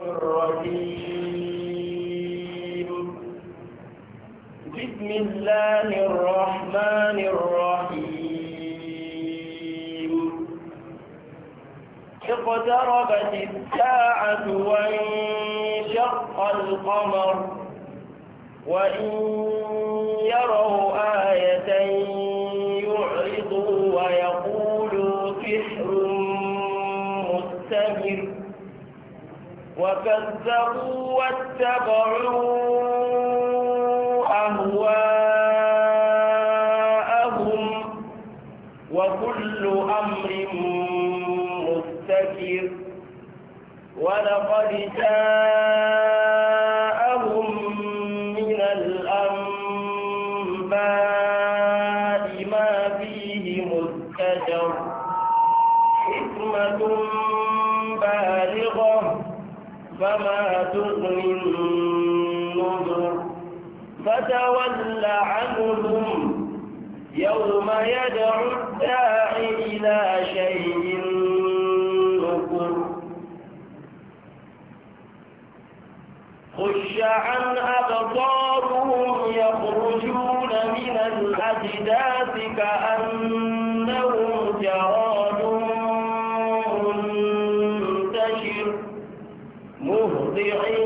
بسم الله الرحمن الرحيم اقتربت الساعة وانشق القمر وإن يروا وكذبوا واتبعوا أهواءهم وكل أمر مستكر ولقد جاء عن أبصارهم يخرجون من الأجداث كأنهم جراد منتشر مهطعين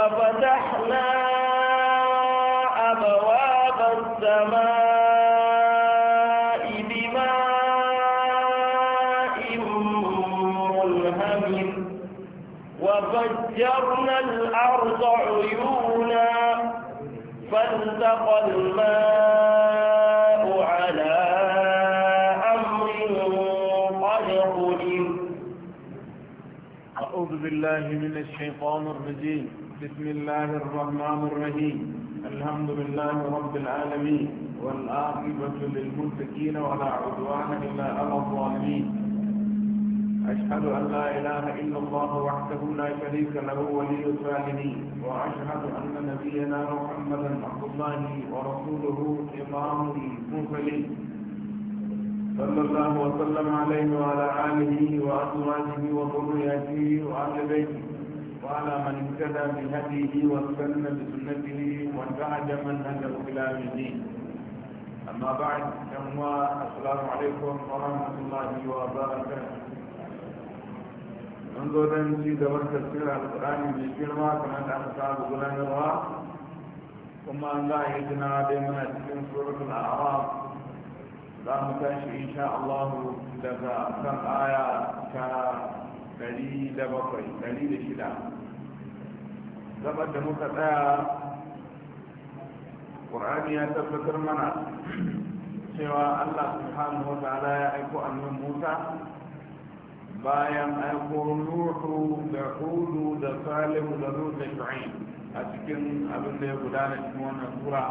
وفتحنا أبواب السماء بماء منهمر وفجرنا الأرض عيونا فالتقى الماء على أمر قد أعوذ بالله من الشيطان الرجيم بسم الله الرحمن الرحيم الحمد لله رب العالمين والآقبة للمتقين ولا عدوان إلا على الظالمين أشهد أن لا إله إلا الله وحده لا شريك له ولي الصالحين وأشهد أن نبينا محمدا عبد الله ورسوله إمام المرسلين صلى الله وسلم عليه وعلى آله وأزواجه وذرياته وآل بيته وعلى من اهتدى بهديه واستنى بسنته وانتهج منهجه الى الدين اما بعد فهو السلام عليكم ورحمه الله وبركاته منذ ذن في دور تفسير القران بالكلمه كما تعرف غلام الله ثم ان لا يجنا دائما في سوره الاعراف لا متاشي ان شاء الله لك اكثر ايه كان دليل بقي دليل شدة gabar da muka tsaya ƙur'ani ya tabbatar mana cewa allah subhanahu wa ta'ala ya aiko annabi musa bayan aiko nuhu da hudu da salihu da zuwa da a cikin abin da ya gudana cikin wannan sura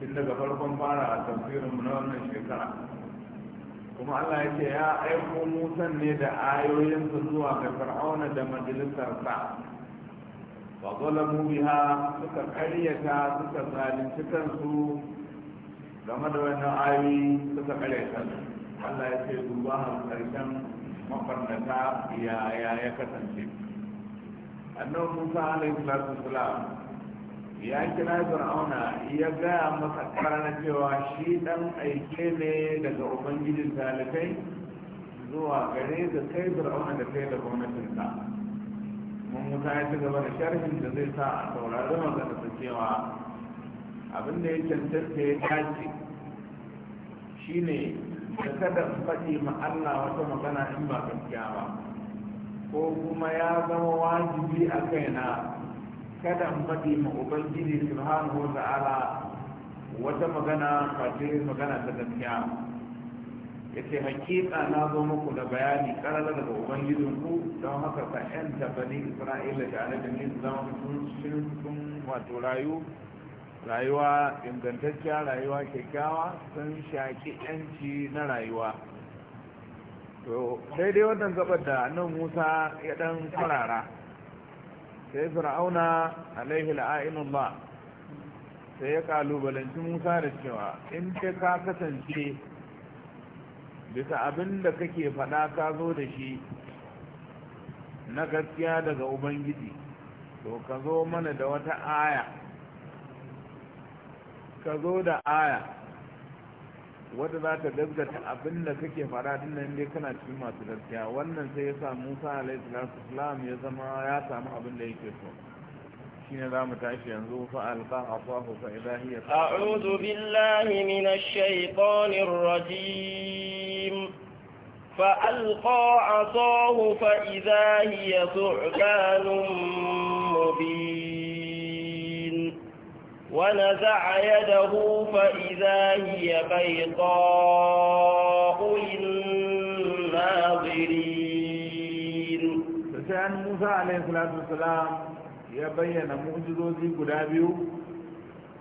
tun daga farkon fara a tafsirinmu na wannan shekara kuma allah ya ce ya aiko musan ne da ayoyinsa zuwa ga fir'auna da majalisarsa fa zalamu biha suka karyata suka zalunci kansu game da wannan ayoyi suka karyata Allah ya ce duba har karshen mafarnata yaya ya kasance annabi Musa alaihi salatu wasalam ya kira Fir'auna ya gaya masa karana cewa shi dan aike ne daga ubangijin talibai zuwa gare da kai Fir'auna da kai da gwamnatinsa mun wuta ya ci gaba da sharhin da zai sa a saurari magana ta cewa abin da ya cancanta ya dace ne da kada in faɗi ma Allah wata magana in ba gaskiya ba ko kuma ya zama wajibi a kaina kada in faɗi ma ubangiji subhanahu wa ta'ala wata magana face magana da gaskiya yake ce hakika na zo muku da bayani karara daga ubangijin ku don haka ka 'yan bani isra'ila da ni zama sun sun wato rayu rayuwa ingantacciya rayuwa kyakkyawa sun shaƙi yanci na rayuwa to daidai wannan gabar da nan musa ya dan farara sai fir'auna alaihi ba. sai ya kalubalanci musa da cewa in ka kasance bisa abin da kake faɗa ka zo da shi na gaskiya daga ubangiji to ka zo mana da wata aya ka zo da aya wadda za ta gaskata abin da kake faɗa din nan dai kana cikin masu gaskiya wannan sai ya sa musa alaihi ya zama ya samu abin da yake so شين لا متعش ينزو فألقى عصاه فإذا هي أعوذ بالله من الشيطان الرجيم فألقى عصاه فإذا هي ثعبان مبين ونزع يده فإذا هي بيضاء للناظرين سيدنا موسى عليه الصلاة والسلام ya bayyana mu'jizozi guda biyu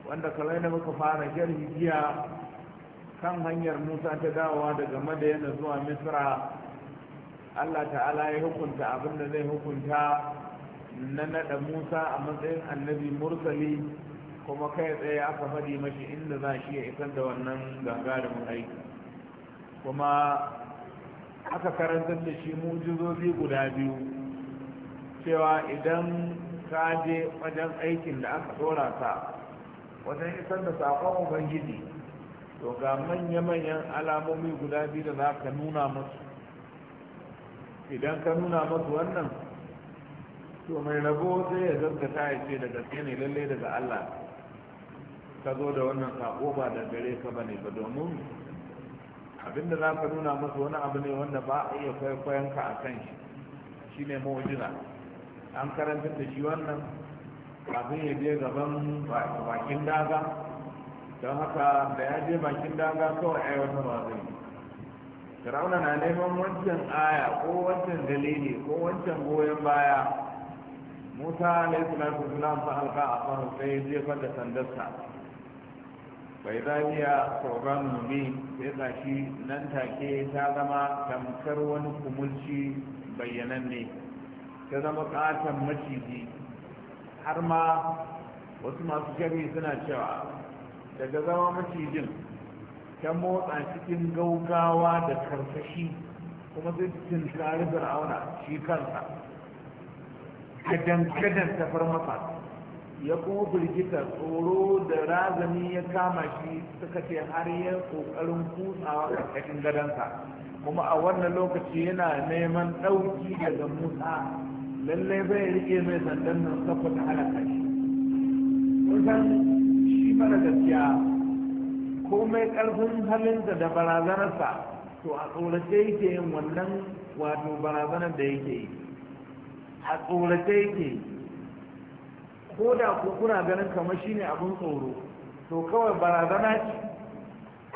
wanda kalai da muka fara sharhi jiya kan hanyar musa ta dawowa daga madayana zuwa misra allah ta'ala ya hukunta abin da zai hukunta na nada musa a matsayin annabi mursali kuma kai tsaye aka fadi mashi inda za shi ya isar da wannan gangarin aiki kuma aka karantar da shi mu'jizozi guda biyu cewa idan ka je wajen aikin da aka dora ta wajen isar da sakon ubangiji to ga manya-manyan alamomi guda biyu da za ka nuna musu idan ka nuna musu wannan to mai rabo sai ya gaskata ya ce da gaske ne lalle daga Allah ka zo da wannan sako ba da gare ka bane ba domin abinda za ka nuna musu wani abu ne wanda ba a iya kwaikwayon ka a kan shi ne mu'jiza an karanta da shi wannan kafin ya je gaban bakin daga don haka da ya je bakin daga kawai aiwatarwa zai firauna na neman wancan aya ko wancan dalili ko wancan goyon baya musa alayhi salatu wasalam halka a asahu sai ya jefar da sandarsa bai zahiya sauran mubin sai ga shi nan take ta zama tamkar wani kumulci bayyananne ne ta zama katon maciji har ma wasu masu sharhi suna cewa daga zama macijin ta motsa cikin gaugawa da karfashi kuma zai cikin tare fir'auna shi kansa a kadan ta masa ya kuma birgita tsoro da razani ya kama shi suka ce har ya kokarin kutsawa cikin gadansa kuma a wannan lokaci yana neman ɗauki daga musa lallai bai rike mai sandan nan saboda halaka shi kusan shi mara gaskiya komai karfin halinsa da barazanarsa to a tsorace yake yin wannan wato barazanar da yake yi a tsorace yake ko da ko kuna ganin kamar shine abin tsoro to kawai barazana ce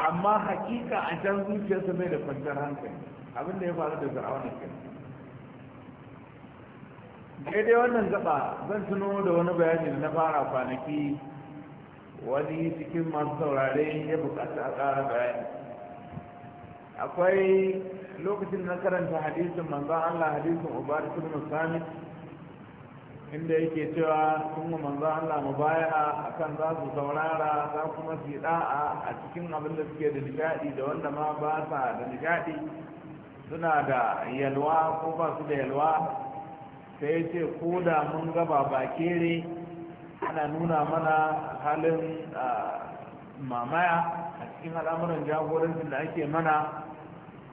amma hakika a can zuciyarsa bai da kwanciyar hankali abin da ya faru da fir'auna kenan daidai wannan gaba zan tuno da wani bayani da na fara kwanaki wani cikin masu saurare ya bukata a ƙara bayani akwai lokacin na karanta hadisin manzan Allah hadisin ubari musamman inda yake cewa sun ga manzan Allah mu baya akan za su saurara za kuma su da'a a cikin abin da suke da nishadi da wanda ma ba sa da nishadi suna da yalwa ko ba su da yalwa sai ya ce ko da mun gaba ba ne ana nuna mana halin mamaya a cikin al'amuran jagorancin da ake mana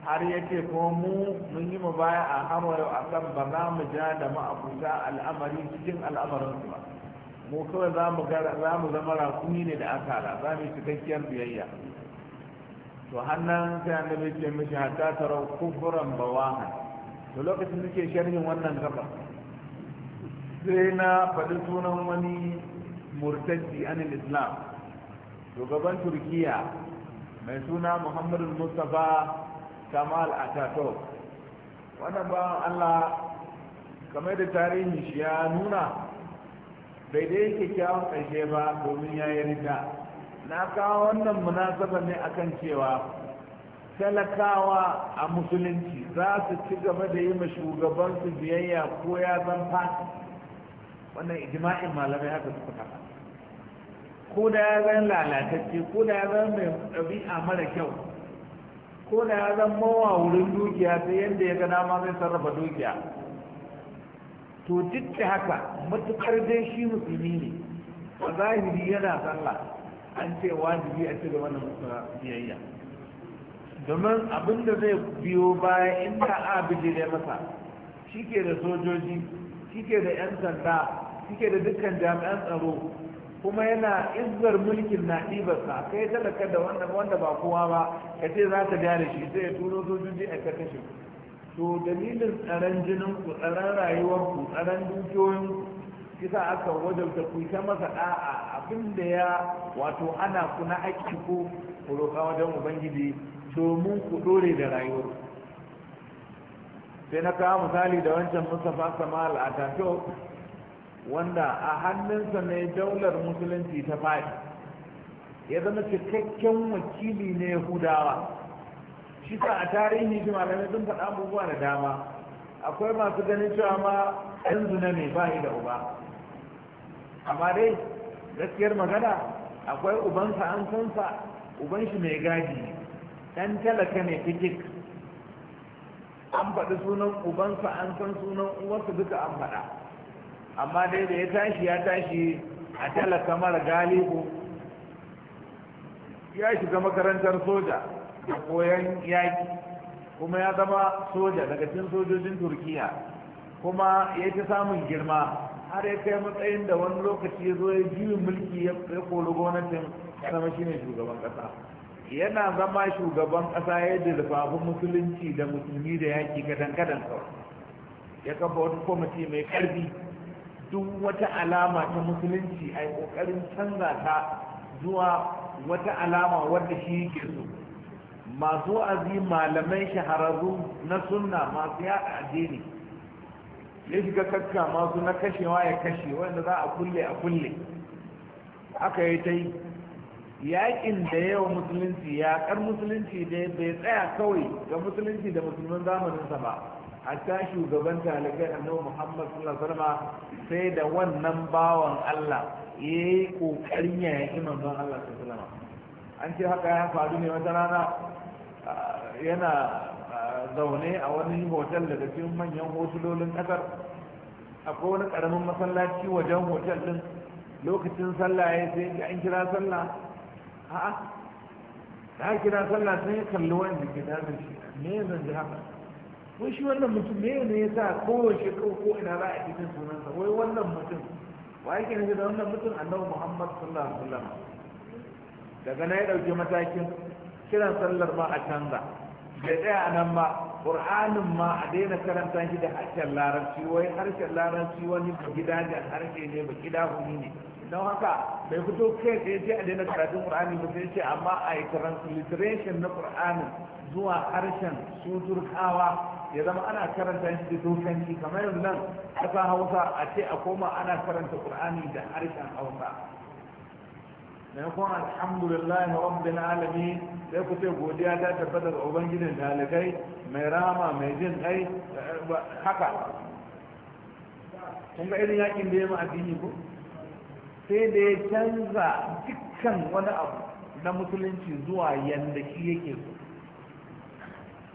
har ya ce ko mu mun yi mu baya a harwayo a kan ba za mu ja da ma'abuta al'amari cikin su ba mu kawai za mu zama rakuni ne da akala za mu yi cikakkiyar biyayya to hannan sai annabi ce mishi hatta tarau kufuran bawahan to lokacin suke sharhin wannan gaba sai na faɗi sunan wani murtaddi an islam shugaban turkiya mai suna muhammadu mustapha kamal ataturk wannan ba allah kamar da tarihin shi ya nuna bai dai kyakkyawan ƙarshe ba domin ya yi rita na kawo wannan munasaba ne a kan cewa talakawa a musulunci za su ci gaba da yi ma shugabansu biyayya ko ya zan fata wannan ijma'in malamai haka suka faɗa ko da ya zan lalatacce ko da ya zan mai ɗabi'a mara kyau ko da ya zan mawa wurin dukiya ta yadda ya ga dama zai sarrafa dukiya to duk da haka matukar dai shi musulmi ne a zahiri yana sallah an ce wajibi a ci gaba da biyayya domin abin da zai biyo baya inda a bijire masa shi ke da sojoji shi ke da 'yan sanda suke da dukkan jami'an tsaro kuma yana izzar mulkin na ɗibarsa kai talaka da wanda wanda ba kowa ba ka ce za ka gyara shi sai ya turo sojoji a ka kashe to dalilin tsaron jinin ku tsaron rayuwar ku tsaron dukiyoyin kisa aka wajabta ku ta masa da'a abin da ya wato ana ku na ko ku ku roƙa wajen ubangiji domin ku dore da rayuwar sai na kawo misali da wancan mustafa samal a wanda a hannunsa ne daular musulunci ta faɗi ya zama cikakken wakili na yahudawa shi ta a tarihi shi malamai sun faɗa abubuwa da dama akwai masu ganin cewa ma yanzu na mai bayi da uba amma dai gaskiyar magana akwai ubansa an sansa uban shi mai gadi ɗan talaka ne fikik an faɗi sunan ubansa an san sunan uwarsa duka an faɗa amma dai da ya tashi ya tashi a talaka mara galibu ya shiga makarantar soja da koyon yaƙi kuma ya zama soja daga cikin sojojin turkiya kuma ya ta samun girma har ya kai matsayin da wani lokaci ya zo ya juyin mulki ya kori gwamnatin zama shine shugaban ƙasa yana zama shugaban kasa ya dirfafin musulunci da musulmi da yaƙi kadan kadan kawai ya kafa wani kwamiti mai karfi duk wata alama ta musulunci a yi ƙoƙarin canza ta zuwa wata alama wadda shi yake so masu wa'azi malamai shahararru na sunna masu yada addini ya shiga kakka masu na kashewa ya kashe wanda za a kulle a kulle aka yi ta yi yakin da yawa musulunci kar musulunci da bai tsaya kawai ga musulunci da musulman zamaninsa ba hatta shugaban talibai annabi muhammad sallallahu alaihi wasallam sai da wannan bawan Allah yayi kokarin ya yi manzon Allah sallallahu alaihi wasallam an ce haka ya faru ne wata rana yana zaune a wani hotel daga cikin manyan hotelolin kasar akwai wani karamin masallaci wajen hotel din lokacin sallah ya sai an kira sallah a'a da kira sallah sai ya kalli wani da ke da shi me zan ji haka wai shi wannan mutum ne ne ya sa kowace ko ina za a cikin sunansa wai wannan mutum wa yake nufi da wannan mutum annabi muhammad sallallahu alaihi wasallam daga na ya ɗauke matakin kiran sallar ma a canza da tsaya a nan ma ƙur'anin ma a daina karanta shi da harshen larabci wai harshen larabci wani ba gidajen harshe ne ba gida huni ne don haka bai fito kai tsaye sai a daina karatun ƙur'ani ba sai ce amma a yi transliteration na ƙur'anin zuwa harshen su turkawa ya zama ana karanta shi da dokanci kamar yanzu nan ƙasa hausa a ce a koma ana karanta ƙur'ani da harshen hausa maimakon alhamdulillah na rabbil alami sai ku ce godiya ta tabbata ga ubangijin dalibai mai rama mai jin kai haka kun ga irin yakin da ya ma addini ko sai da ya canza dukkan wani abu na musulunci zuwa yanda shi yake so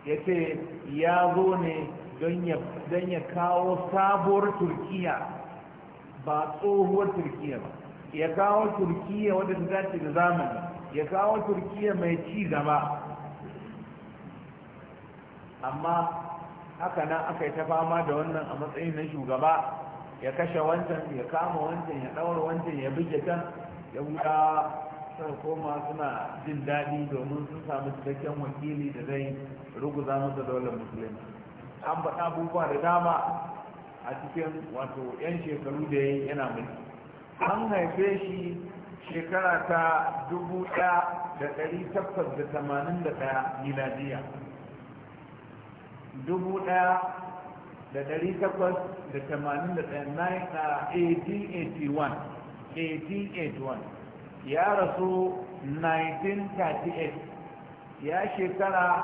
ya ce ya zo ne don ya kawo sabuwar turkiya ba tsohuwar turkiya ba ya kawo turkiya wadda ta dace da zamani ya kawo turkiya mai ci gaba amma haka nan aka yi ta fama da wannan a matsayin na shugaba ya kashe wancan ya kama wancan ya ɗaura wancan ya bige can ya wuta suka koma suna jin daɗi domin sun samu cikakken wakili da zai ruguza masa daular musulmi an faɗa abubuwa da dama a cikin wato 'yan shekaru da ya yana mulki an haife shi shekara ta 1881 miladiya 1881 1881 ya rasu 1938 ya shekara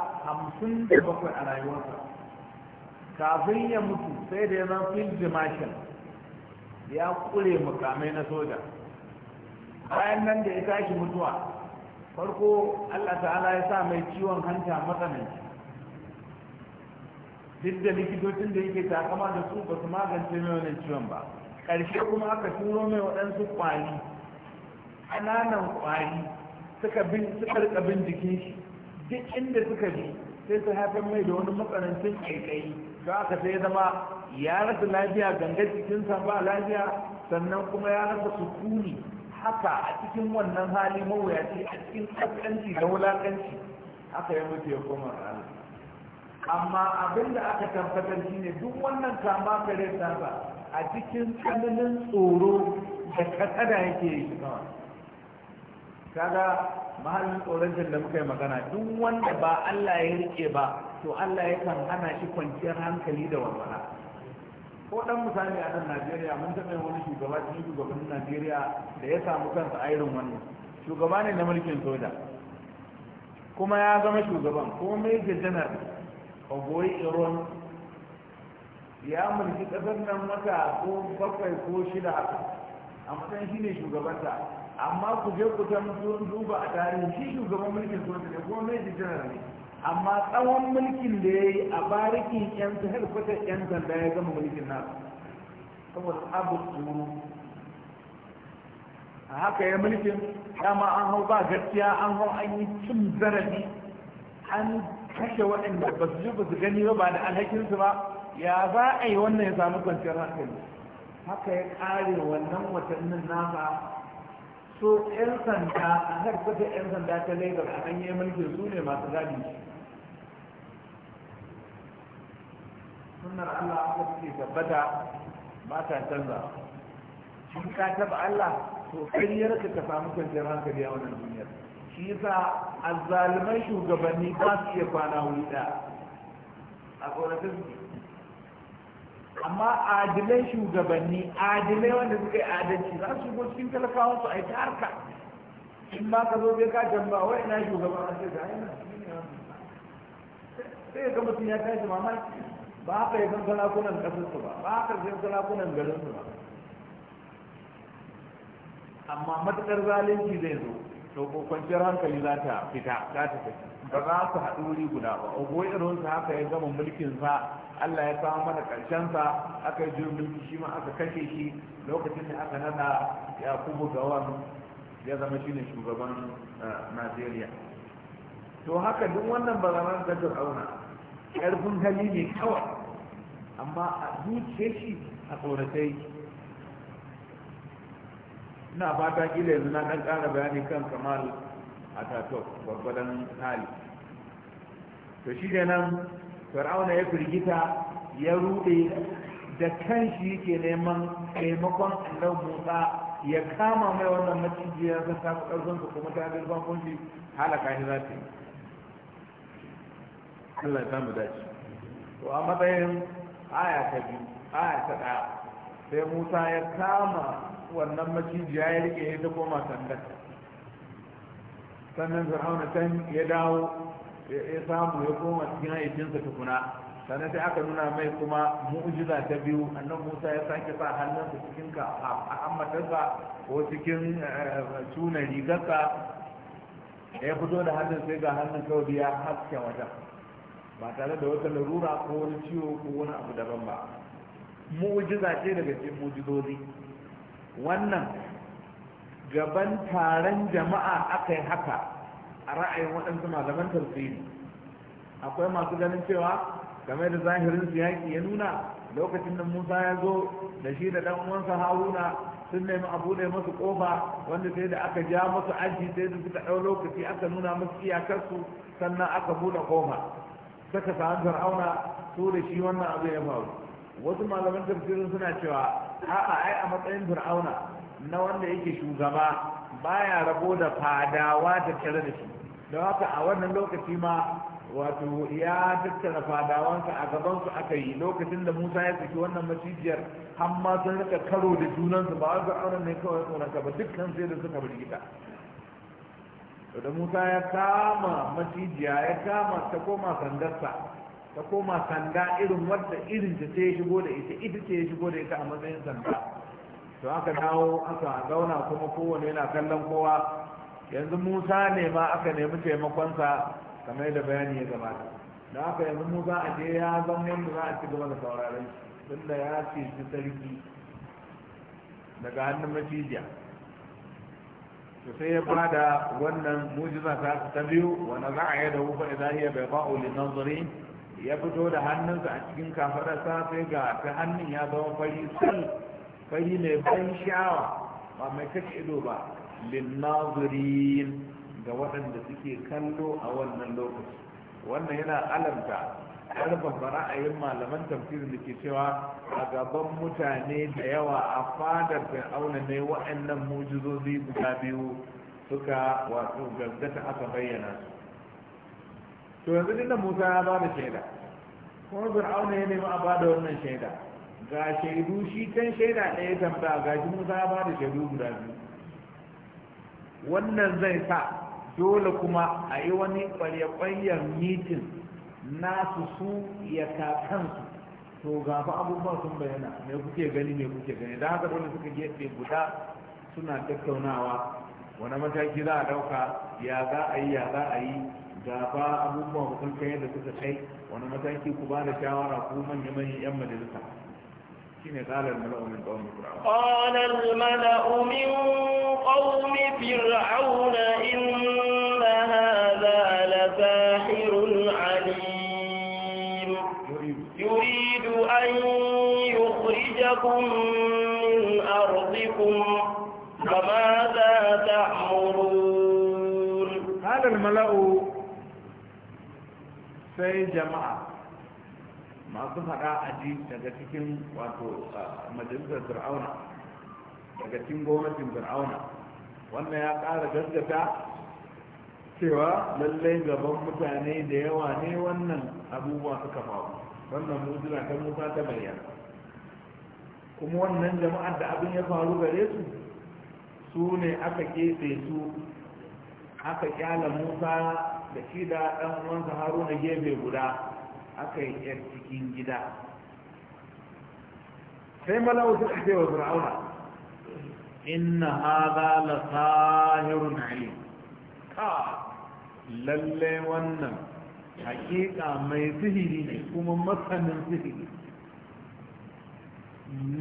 57 a rayuwarsa kafin ya mutu sai da ya zan field ya kure mukamai na soja bayan nan da ya tashi mutuwa farko allah ta'ala ya sa mai ciwon hanta matsananci duk da likitocin da yake takama da su ba su magance mai wannan ciwon ba ƙarshe kuma aka turo mai waɗansu kwali ƙananan ƙwari suka bin suka rika bin jikin shi duk inda suka bi sai su haifar mai da wani matsanancin ƙaiƙayi to aka sai ya zama ya rasa lafiya gangar jikinsa ba lafiya sannan kuma ya rasa sukuni haka a cikin wannan hali mawuyaci a cikin ƙasƙanci da wulaƙanci haka ya mutu ya koma rana. amma abin da aka tabbatar shine duk wannan kama kare tasa a cikin tsananin tsoro da kasada yake yi kawai kaga mahallin tsoron da muka yi magana duk wanda ba Allah ya rike ba to Allah ya kan hana shi kwanciyar hankali da walwala ko dan misali a nan Najeriya mun taɓa wani shugaba cikin shugabannin Najeriya da ya samu kansa a irin wannan shugaba ne na mulkin soja kuma ya zama shugaban ko mai janar ogoyi iron ya mulki ƙasar nan wata ko bakwai ko shida haka a matsayin shi ne shugabanta amma ku je ku ta duba a tarihi shi shugaban mulkin soja da kuma mai jijirar ne amma tsawon mulkin da ya yi a barikin yan ta yan sanda ya gama mulkin nasu saboda abu tsoro a haka ya mulkin dama an hau ba gaskiya an hau an yi cin zarafi an kashe waɗanda ba su ji ba su gani ba ba da alhakinsu ba ya za a yi wannan ya samu kwanciyar hankali haka ya ƙare wannan watannin nasa so yan sanda a kusa yan sanda ta lagos a hanyar mulkin su ne masu gadi sunar allah aka suke tabbata ba ta canza shi ka taba allah to kariyar ka ta samu kwanciyar hankali a wannan duniyar shi yasa azzaliman shugabanni ba su iya kwana wuri da a tsoratar amma adilai shugabanni adilai wanda suka yi adalci za su go cikin talakawan su a ta harka in ba ka zo bai ka jamba wai ina shugaban a ce zai yana sai ga mutum ya tashi mamaki ba haka yi san salakunan kasarsu ba ba haka yi san salakunan garinsu ba amma matuƙar zalunci zai zo to kwanciyar hankali za ta fita za ta fita ba za su haɗu wuri guda ba irin sa haka ya gama mulkin sa Allah ya samu mana karshen sa aka yi jirgin mulki shi ma aka kashe shi lokacin da aka nada ya kubu gawan ya zama shine shugaban eh, Najeriya to haka duk wannan ba barazanar da zauna ƙarfin hali ne kawai amma a zuciyar shi a tsoratai ina fata kila yanzu na dan ƙara bayani kan kamal a tato gwargwadon hali to shi da nan fir'auna ya firgita ya rude da kanshi yake neman taimakon allon musa ya kama mai wannan macijiyar ta samu ƙarfin su kuma ta ga zuwa kunshi halaka shi za ta yi Allah ya samu dace to a matsayin aya ta biyu aya ta ɗaya sai Musa ya kama wannan macijiya ya rike ya ta koma sandan sannan fir'auna can ya dawo ya samu ya koma cikin haifinsa tukuna sannan sai aka nuna mai kuma mu'jiza ta biyu annan musa ya sake sa hannunsa cikin ka a hammatarsa ko cikin eh, tunan rigarsa ya fito da hannun sai ga hannun kawai ya haske wajen ba tare da wata larura ko wani ciwo ko wani abu daban ba mu'jiza ce daga cikin mu'jizozi wannan gaban taron jama'a aka yi haka a ra'ayin waɗansu malaman tafsiri akwai masu ganin cewa game da zahirin yaƙi ya nuna lokacin da musa ya zo da shi da ɗan uwansa haruna sun nemi a buɗe masu ƙofa wanda sai da aka ja masu aji sai da suka ɗau lokaci aka nuna masu iyakarsu sannan aka buɗe ƙofa. suka samu fir'auna su da shi wannan abu ya faru wasu malaman tafsirin suna cewa a'a ai a matsayin fir'auna na wanda yake shugaba baya rabo da fadawa da tare da shi don haka a wannan lokaci ma wato ya tattara fadawansa a gabansu aka yi lokacin da musa ya saki wannan macijiyar har sun rika karo da junansu ba wai fir'auna ne kawai tsoronka ba dukkan sai da suka gida. da musa ya kama macijiya ya kama ta koma sandarsa ta koma sanda irin wadda irin ta ya shigo da ita ita ce shigo da ita a matsayin sanda to aka dawo aka zauna kuma kowane yana kallon kowa yanzu musa ne ma aka nemi taimakonsa kamar da bayani ya gabata da aka yanzu musa a je ya zan yadda za a ci gaba da sauraron shi tunda ya ce shi sarki daga hannun macijiya sai ya bada wannan mujiza ta biyu wa za a yada wufa idan bai ba'u li nazarin ya fito da hannunsa a cikin kafararsa sai ga ta hannun ya zama fari sal fari mai ban sha'awa ba mai kashe ido ba linnazirin ga waɗanda suke kallo a wannan lokaci wannan yana alamta ƙarfafa ra'ayin malaman tafsirin da ke cewa a gaban mutane da yawa a fadar auna ne waɗannan mujizozi guda biyu suka wato gaggata aka bayyana su to yanzu din nan Musa ya bada shaida kuma Fir'auna ya nemi a bada wannan shaida ga shaidu shi can shaida ɗaya tambaya ga shi Musa ya bada shaidu guda biyu wannan zai sa dole kuma a yi wani ƙwarya mitin nasu su ya kansu to ga fa abubuwa sun bayyana me kuke gani me kuke gani da haka dole suka gefe guda suna tattaunawa wani mataki za a ɗauka ya za a yi ya za a yi gaba abubuwa ku san kai yadda suka kai wani mataki ku ba da shawara ku manya manyan yan majalisa shi ne al mala'u min qawmi fir'aun qala al mala'u min qawmi fir'aun la sahirun alim yuridu an yukhrijakum min ardikum فماذا تأمرون هذا الملأ sai jama'a masu faɗa aji daga cikin wato majalisar fir'auna daga cikin gwamnatin fir'auna wannan ya ƙara gaskata cewa lallai gaban mutane da yawa ne wannan abubuwa suka faru wannan mujina ta musa ta bayyana kuma wannan jama'ar da abin ya faru gare su su ne aka kefe su aka kyala musa da shi da ɗan uwansa haruna gefe guda aka yi yar cikin gida sai malawu suka ce wa fir'auna inna hada la sahirun alim ka lalle wannan hakika mai sihiri ne kuma masanin sihiri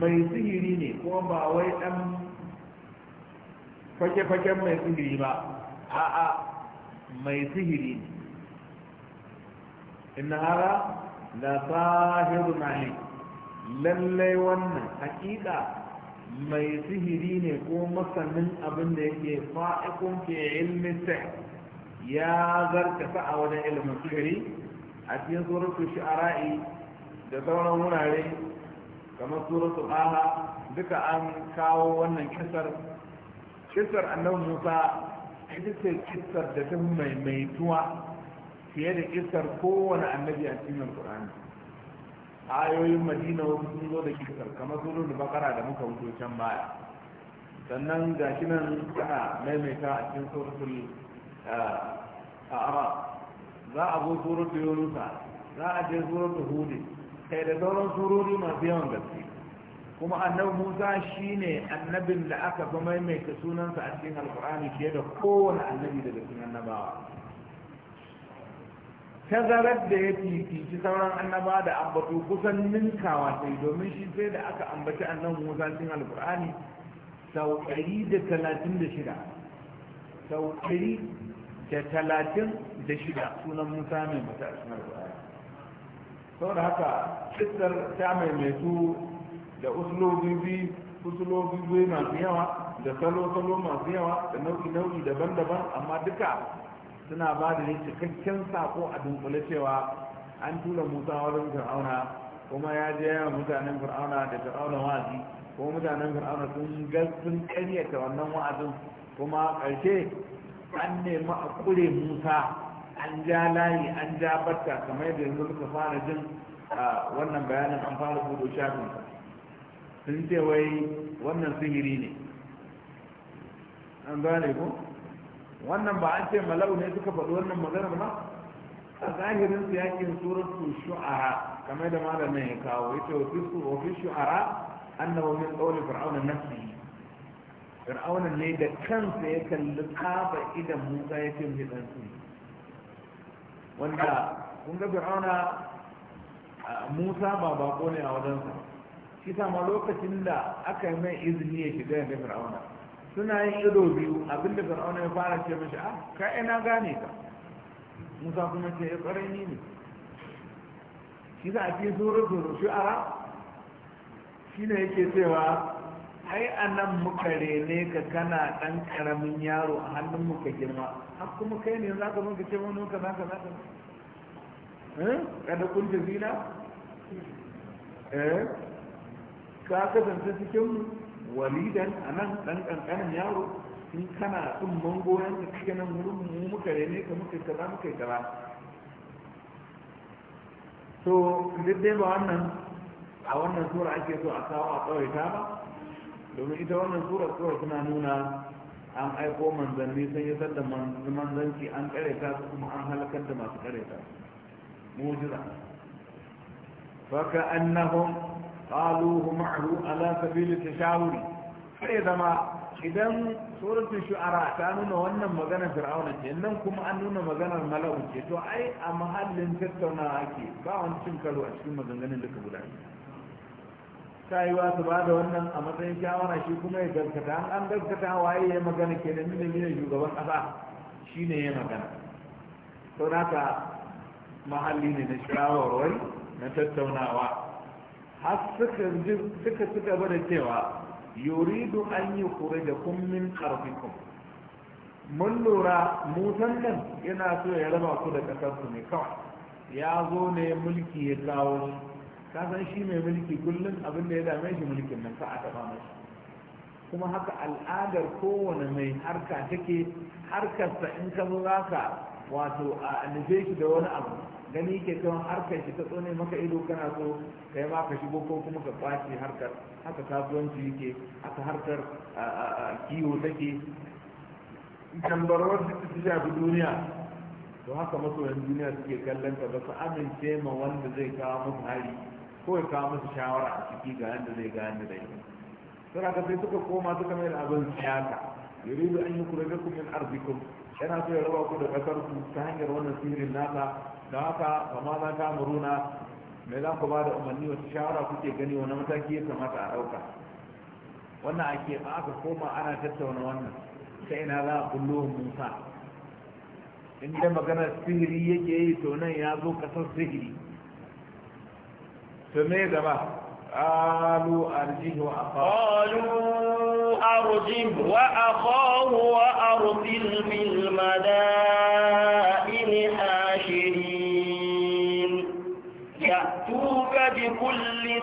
mai sihiri ne kuma ba wai ɗan fake-faken mai sihiri ba a'a mai sihiri ne inna hara la sahiru ne lallai wannan hakika mai sihiri ne ko masanin abin da yake fa'ikun ke ilmi sai ya sa a wajen ilimin sihiri a cikin suratu ra'i da sauran wurare kamar suratu aha duka an kawo wannan kisar kisar annabi musa ita ce kissar da ta maimaituwa fiye da kissar kowane annabi a cikin alkur'ani ayoyin madina wasu sun zo da kisar kamar sun da bakara da muka wuto can baya sannan ga shi nan tana maimaita a cikin a eh, a'raf za a zo suratul yorusa za a je suratul hudu kai da sauran sururi masu yawan gaske kuma annabi musa shine annabin da aka fi maimaita sunansa a cikin alkur'ani fiye da kowane annabi daga cikin annabawa tazarar da ya fifici sauran annaba da ambatu kusan ninkawa sai domin shi sai da aka ambaci annabi musa cikin alkur'ani sau ɗari da talatin da shida sau ɗari da talatin da shida sunan musa mai mata a cikin alkur'ani saboda haka kisar ta maimaitu da uslubi uslubi masu yawa da salo-salo masu yawa da nau'i-nau'i daban-daban amma duka suna ba da cikakken sako a dunkule cewa an tura musa wajen fir'auna kuma ya je yawan mutanen fir'auna da fir'auna wa'azi ko mutanen fir'auna sun gaskin karyata wannan wa'azin kuma ƙarshe an nemi a kure musa an ja layi an ja batta kamar yadda yanzu suka fara jin wannan bayanin an fara kudo shafinsa sun ce wai wannan sihiri ne an gane ku wannan ba an ce malau ne suka faɗi wannan maganar ba a zahirin su yakin suratu shu'ara kamar da malamin ya kawo yace wa fi su fi shu'ara annahu min qawli fir'auna nafsi fir'auna ne da kansa ya kalli kafa idan Musa ya ce mu dan su wanda kun ga fir'auna Musa ba bako ne a wajensa kita ma lokacin da aka yi mai izini ya shiga yadda fir'auna suna yin ido biyu abinda fir'auna ya fara ce mashi a ah, ka ina gane ka musa kuma ce ya eh, kwarai ni ne shi za a fi ara shu'ara ne yake cewa ai a nan muka rene ka kana ɗan ƙaramin yaro a hannun muka girma har kuma kai ne za ka zo ka ce wani ka za ka za ka eh? kada kun jazina eh ka kasance cikin walidan a nan ɗan ƙanƙanin yaro in kana ɗin mangonan da cikin nan wurin mu muka rene ka muka kaza muka kaza to duk dai ba wannan a wannan sura ake so a kawo a tsawaita ba domin ita wannan sura sura suna nuna an aiko manzanni sun yi sanda manzanci an ƙareta su kuma an halakar da masu ƙareta mujiza faka annahum قالوه معه على سبيل التشاور sai zama idan suratul shu'ara ta nuna wannan maganar fir'auna ce nan kuma an nuna maganar mala'u ce to ai a mahallin tattaunawa ake ba wani cin karo a cikin maganganun duka guda ta yi su ba da wannan a matsayin shawara shi kuma ya gaskata an gaskata waye ya magana ke da miliyan shugaban kasa shi ne ya magana sau naka mahalli ne na shawarwari na tattaunawa har suka suka suka bada cewa yuridu an yi kure da kummin ƙarfikun mun lura musan nan yana so ya raba ku da ƙasarsu ne kawai ya zo ne mulki ya kawo shi ka shi mai mulki kullum abin da ya dame shi mulkin nan ka a taɓa mashi kuma haka al'adar kowane mai harka take harkarsa in ka zo za ka wato a nufe shi da wani abu gani ke cewa harkar shi ta tsone maka ido kana so kai ma ka shigo ko kuma ka kwace harkar haka kasuwanci yake haka harkar kiwo take tambarwar da ta shafi duniya to haka masoyan duniya suke kallon ka ba su amince ma wanda zai kawo musu hari ko ya kawo musu shawara a ciki ga yanda zai ga yanda zai sai ka sai suka koma suka mai da abin siyasa yuridu an yukhrijakum min ardikum yana so ya raba ku da kasar ku ta hanyar wannan sihirin nasa Da haka kama za ta muruna mai za ku ba da umarni wasu shawara kuke gani wani mataki ya kamata a ɗauka wannan ake ba aka koma ana tattauna wannan sai ina za a kullo musa inda maganar sihiri yake yi to nan ya zo kasar sihiri to me gaba قالوا أرجه وأخاه قالوا أرجه وأخاه وأرسل في المدائن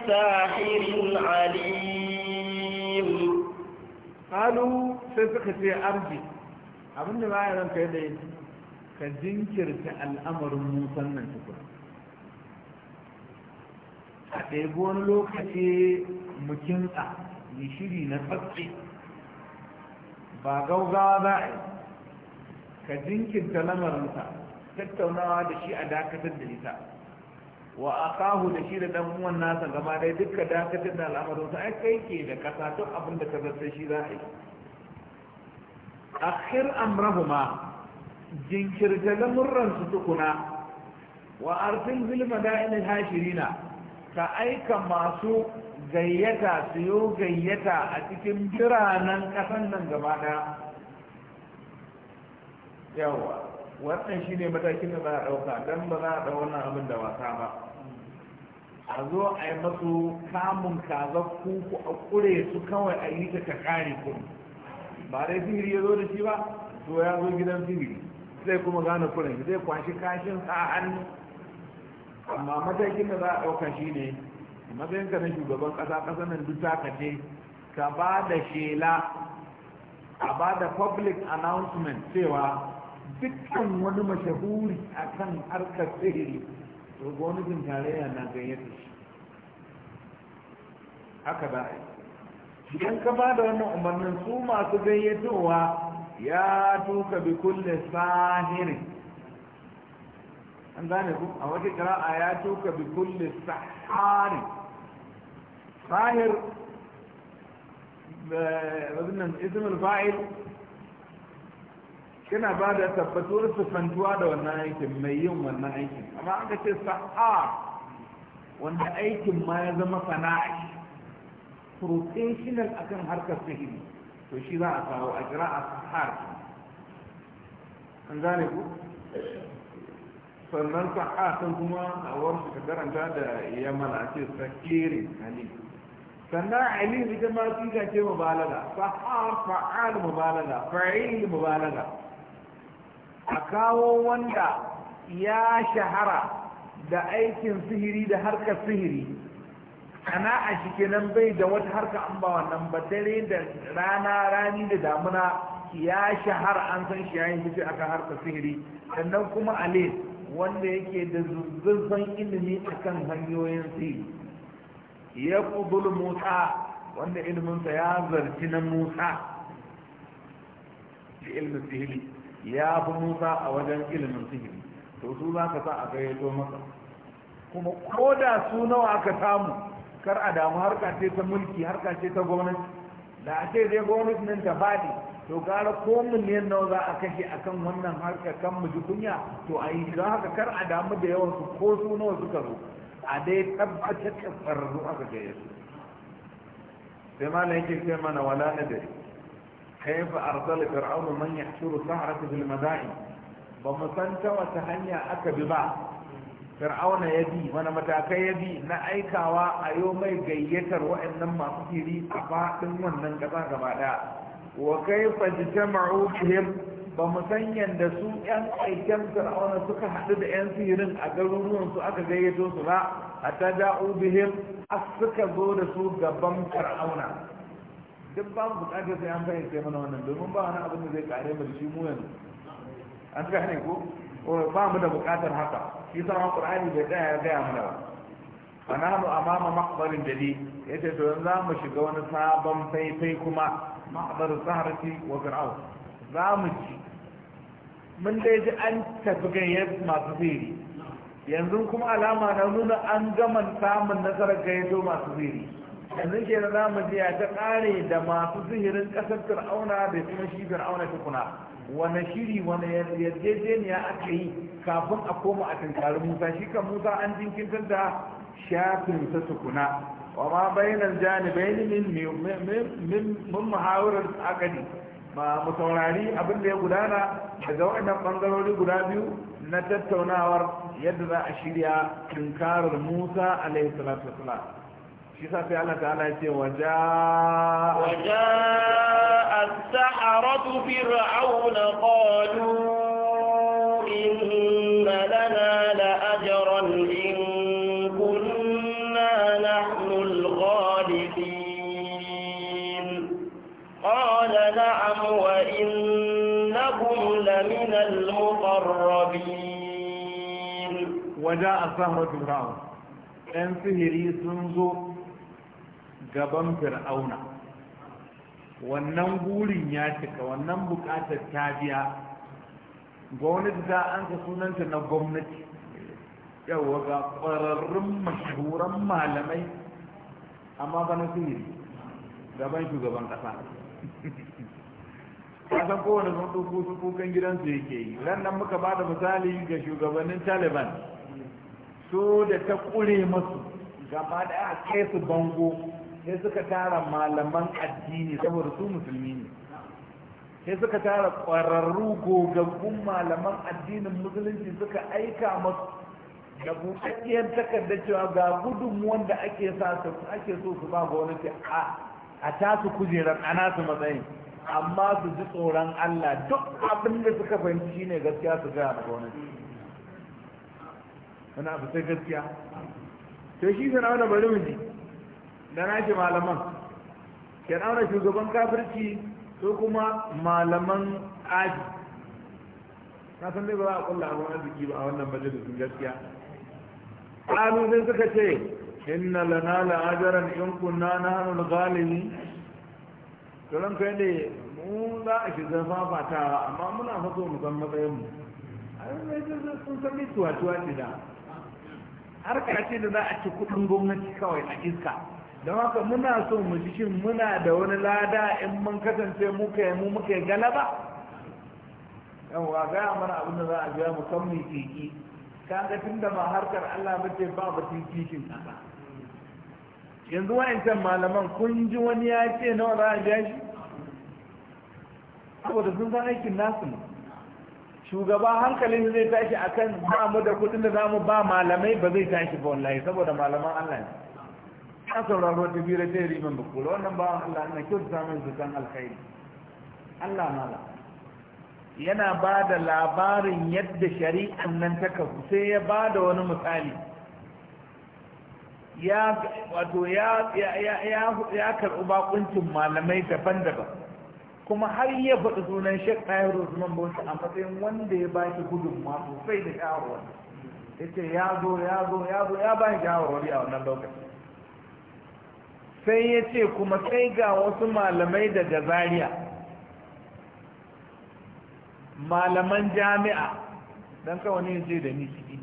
بساحر عليم قالوا سيسكتي أرجي abin da baya ranka ya ci ka jinkirta al'amarin musan nan tukuna a ɗaibi wani lokaci mu kintsa yi shiri na tsatsi ba gaugawa za a yi ka jinkirta lamarinsa tattaunawa da shi a dakatar da ita wa akahu da shi da dan uwan nasa gaba dai duka dakatar da al'amarin sa ai kai ke da kasa duk abin da ka zartar shi za a yi akhir amrahuma jinkirta lamurran su tukuna wa arsil bil madain hashirina ka aika masu gayyata su yo gayyata a cikin biranen kasan nan gaba daya yawa wannan shi ne matakin da za a ɗauka don ba za a ɗau wannan abin da wasa ba a zo a yi masu kamun kaza kuku a ƙure su kawai a yi ta ka ƙare ba dai sihiri ya zo da shi ba to ya zo gidan sihiri zai kuma gane kuren zai kwashi kashin sa hannu amma matakin da za a ɗauka shi ne matsayin ka na shugaban ƙasa ƙasa nan duk taka ce ka ba da shela a ba da public announcement cewa dukkan wani mashahuri a kan harkar sihiri to ga wani jin tarayya na gayyata shi haka ba a yi idan ka ba da wannan umarnin su masu gayyatowa ya tuka bi kulle sahirin an gane ku a wata kira'a ya tuka bi kulle sahari sahir ba wadannan ismul fa'il yana ba da tabbatuwar sufantuwa da wannan aikin mai yin wannan aikin amma an ka ce Sa'a wanda aikin ma ya zama sana'a professional akan harkar sihiri to shi za a kawo a jira a sahar an gane ku sannan sa'a sun kuma a wurin ka karanta da yamala ce sakiri ali sannan ali ita ma fi ga ce mubalaga sa'a fa'al mubalaga fa'il mubalaga a kawo wanda ya shahara da aikin sihiri da harkar sihiri a shi kenan bai da wata harka an ba wannan ba dare da rana rani da damuna ya shahara an san shi yayin a akan harkar sihiri sannan kuma ale wanda yake da zuzzun ilimi akan hanyoyin sihiri ya kubul musa wanda ilminsa ya zarci na musa da ilmin sihiri ya fi musa a wajen ilimin sihiri to su za ka sa a to masa kuma ko da su nawa aka samu kar a damu harka ce ta mulki harka ce ta gwamnati da a ce zai gwamnati nan ta faɗi to gara ko miliyan nawa za a kashe a kan wannan harka kan mu ji to a yi don haka kar a damu da yawan su ko su nawa suka zo a dai tabbatar da tsararru aka su sai na yake sai mana wala na dare kaifa arsala fir'auna man yahshuru sahrata fil madain ba mu san ta wata hanya aka bi ba fir'auna ya bi wani matakai ya bi na aikawa a yau mai gayyatar waɗannan masu fili a faɗin wannan ƙasa gaba ɗaya wa kaifa jitama'u bihim ba mu san yadda su 'yan aiken fir'auna suka haɗu da 'yan sihirin a garuruwansu aka gayyato su ba a ta da'u bihim a suka zo da su gaban fir'auna duk ba mu bukatar sai an bayyana mana wannan domin ba wani abin da zai kare mu da shi mu yanzu an gane ko ba mu da bukatar haka shi sa ma qur'ani bai tsaya ya gaya mana ba fa nahnu amama maqbarin jadi yace to yanzu za mu shiga wani sabon faifai kuma maqbar sahrati wa fir'aun za mu ci mun dai ji an tafi gayyar masu sihiri yanzu kuma alama na nuna an gama samun nasarar gayyato masu sihiri yanzu ke da zamu jiya ta kare da masu sihirin kasar fir'auna da kuma shi fir'auna tukuna wani shiri wani yarjejeniya aka yi kafin a koma a tunkari musa shi kan musa an jinkintar da shafin ta tukuna wa ma bainal janibain min min muhawarar akadi ma mu saurari abin da ya gudana daga waɗannan bangarorin guda biyu na tattaunawar yadda za a shirya tunkarar musa alaihi salatu wasalam shi sa sai Allah ta'ala ya ce waja waja as-saharatu fir'auna qalu inna lana la ajran in kunna nahnu al-ghalibin qala na'am wa innakum lamina al-muqarrabin waja as-saharatu fir'auna ɗan sihiri sun zo gaban fir'auna wannan gurin ya cika wannan bukatar ta biya gwamnati ta an ka sunanta na gwamnati yawa ga ƙwararrun mashahuran malamai amma ba na sihiri gaban shugaban ƙasa kasan kowane sun ɗauko su kukan gidansu yake yi ran nan muka ba da misali ga shugabannin taliban so da ta ƙure masu gaba da aka kai su bango sai suka tara malaman addini saboda su musulmi ne sai suka tara ƙwararru gogaggun malaman addinin musulunci suka aika masu da buɗaɗɗiyar takardar cewa ga gudun wanda ake sa su ake so su ba gwamnati a a tasu kujerar a nasu matsayin amma su ji tsoron Allah duk abin da suka fahimci shine gaskiya su gaya da gwamnati wani abu gaskiya to shi zana wani bari mu da nashi malaman fir'auna shugaban kafirci su kuma malaman aji na san dai ba za a kulla abin arziki ba a wannan majalisun gaskiya ƙalu sai suka ce inna lana la'ajaran in kunna na hannun galibi turan kai ne mu za a shiga fafatawa amma muna faso mu san matsayinmu a jirgin sun san ne tuwa-tuwa ce da har kace da za a ci kudin gwamnati kawai a iska don haka muna so mu ji muna da wani lada in mun kasance muka yi mu muka yi galaba yawa gaya mana abin da za a biya mu kan mu kiki kan ga tunda ba harkar Allah ba ce ba batun kikin Allah yanzu wa'ancan malaman kun ji wani ya ce nawa za a biya shi saboda sun san aikin nasu ne shugaba hankalin zai tashi akan ba mu da kudin da za mu ba malamai ba zai tashi ba wallahi saboda malaman Allah ne na sauraro ta bira ta yi ban bakula wannan ba, Allah na kyau ta mai zukan alkhairi Allah mala yana ba da labarin yadda shari'an nan ta kafu sai ya ba da wani misali ya wato ya ya karɓi bakuncin malamai daban-daban kuma har ya faɗi sunan shek ɗayar usman bauchi a matsayin wanda ya ba shi gudunmawa sosai da shawarwar ya ce ya zo ya zo ya zo ya ba shi shawarwari a wannan lokacin sai ya ce kuma sai ga wasu malamai daga zaria malaman jami'a don kawai ce da ciki.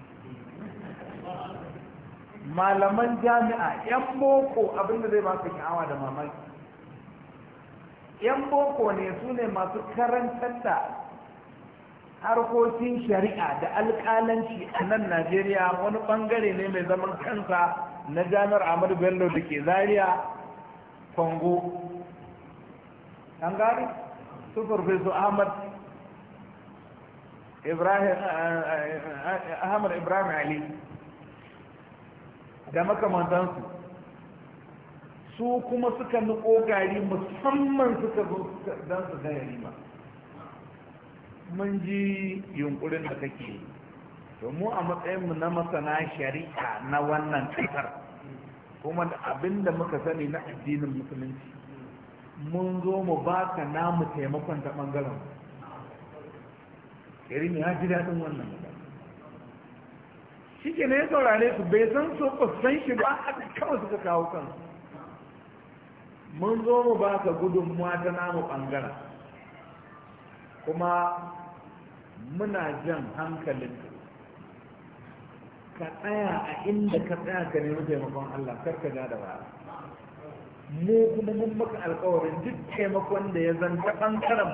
malaman jami'a 'yan boko abinda zai ba su sha'awa da mamaki 'yan boko ne su ne masu karantar da harkokin shari'a da alƙalanci a nan najeriya wani ɓangare ne mai zaman kansa na jami'ar ahmadu bello da ke Zariya kongo an gari su farfesu ahmad ibrahim eh, eh, ahmad ibrahim ali da makamantansu su kuma suka niko gari musamman suka zo don su gaya rima mun ji yunkurin da kake yi domin a matsayinmu na masana shari'a na wannan kasar kuma da abinda muka sani na addinin musulunci mun zo mu ba ka namu taimakon ta bangaren ne ya ji daɗin wannan shi ke ne ya saurare su bai san so ku san shi ba aka kawai suka kawo kan. mun zo mu ba ka gudunmuwa ta namu bangaren kuma muna jan hankalinka ka tsaya a inda ka tsaya ka nemi taimakon Allah kar ka da ba. mu kuma mun maka alƙawarin duk taimakon da ya zanta ɓangaren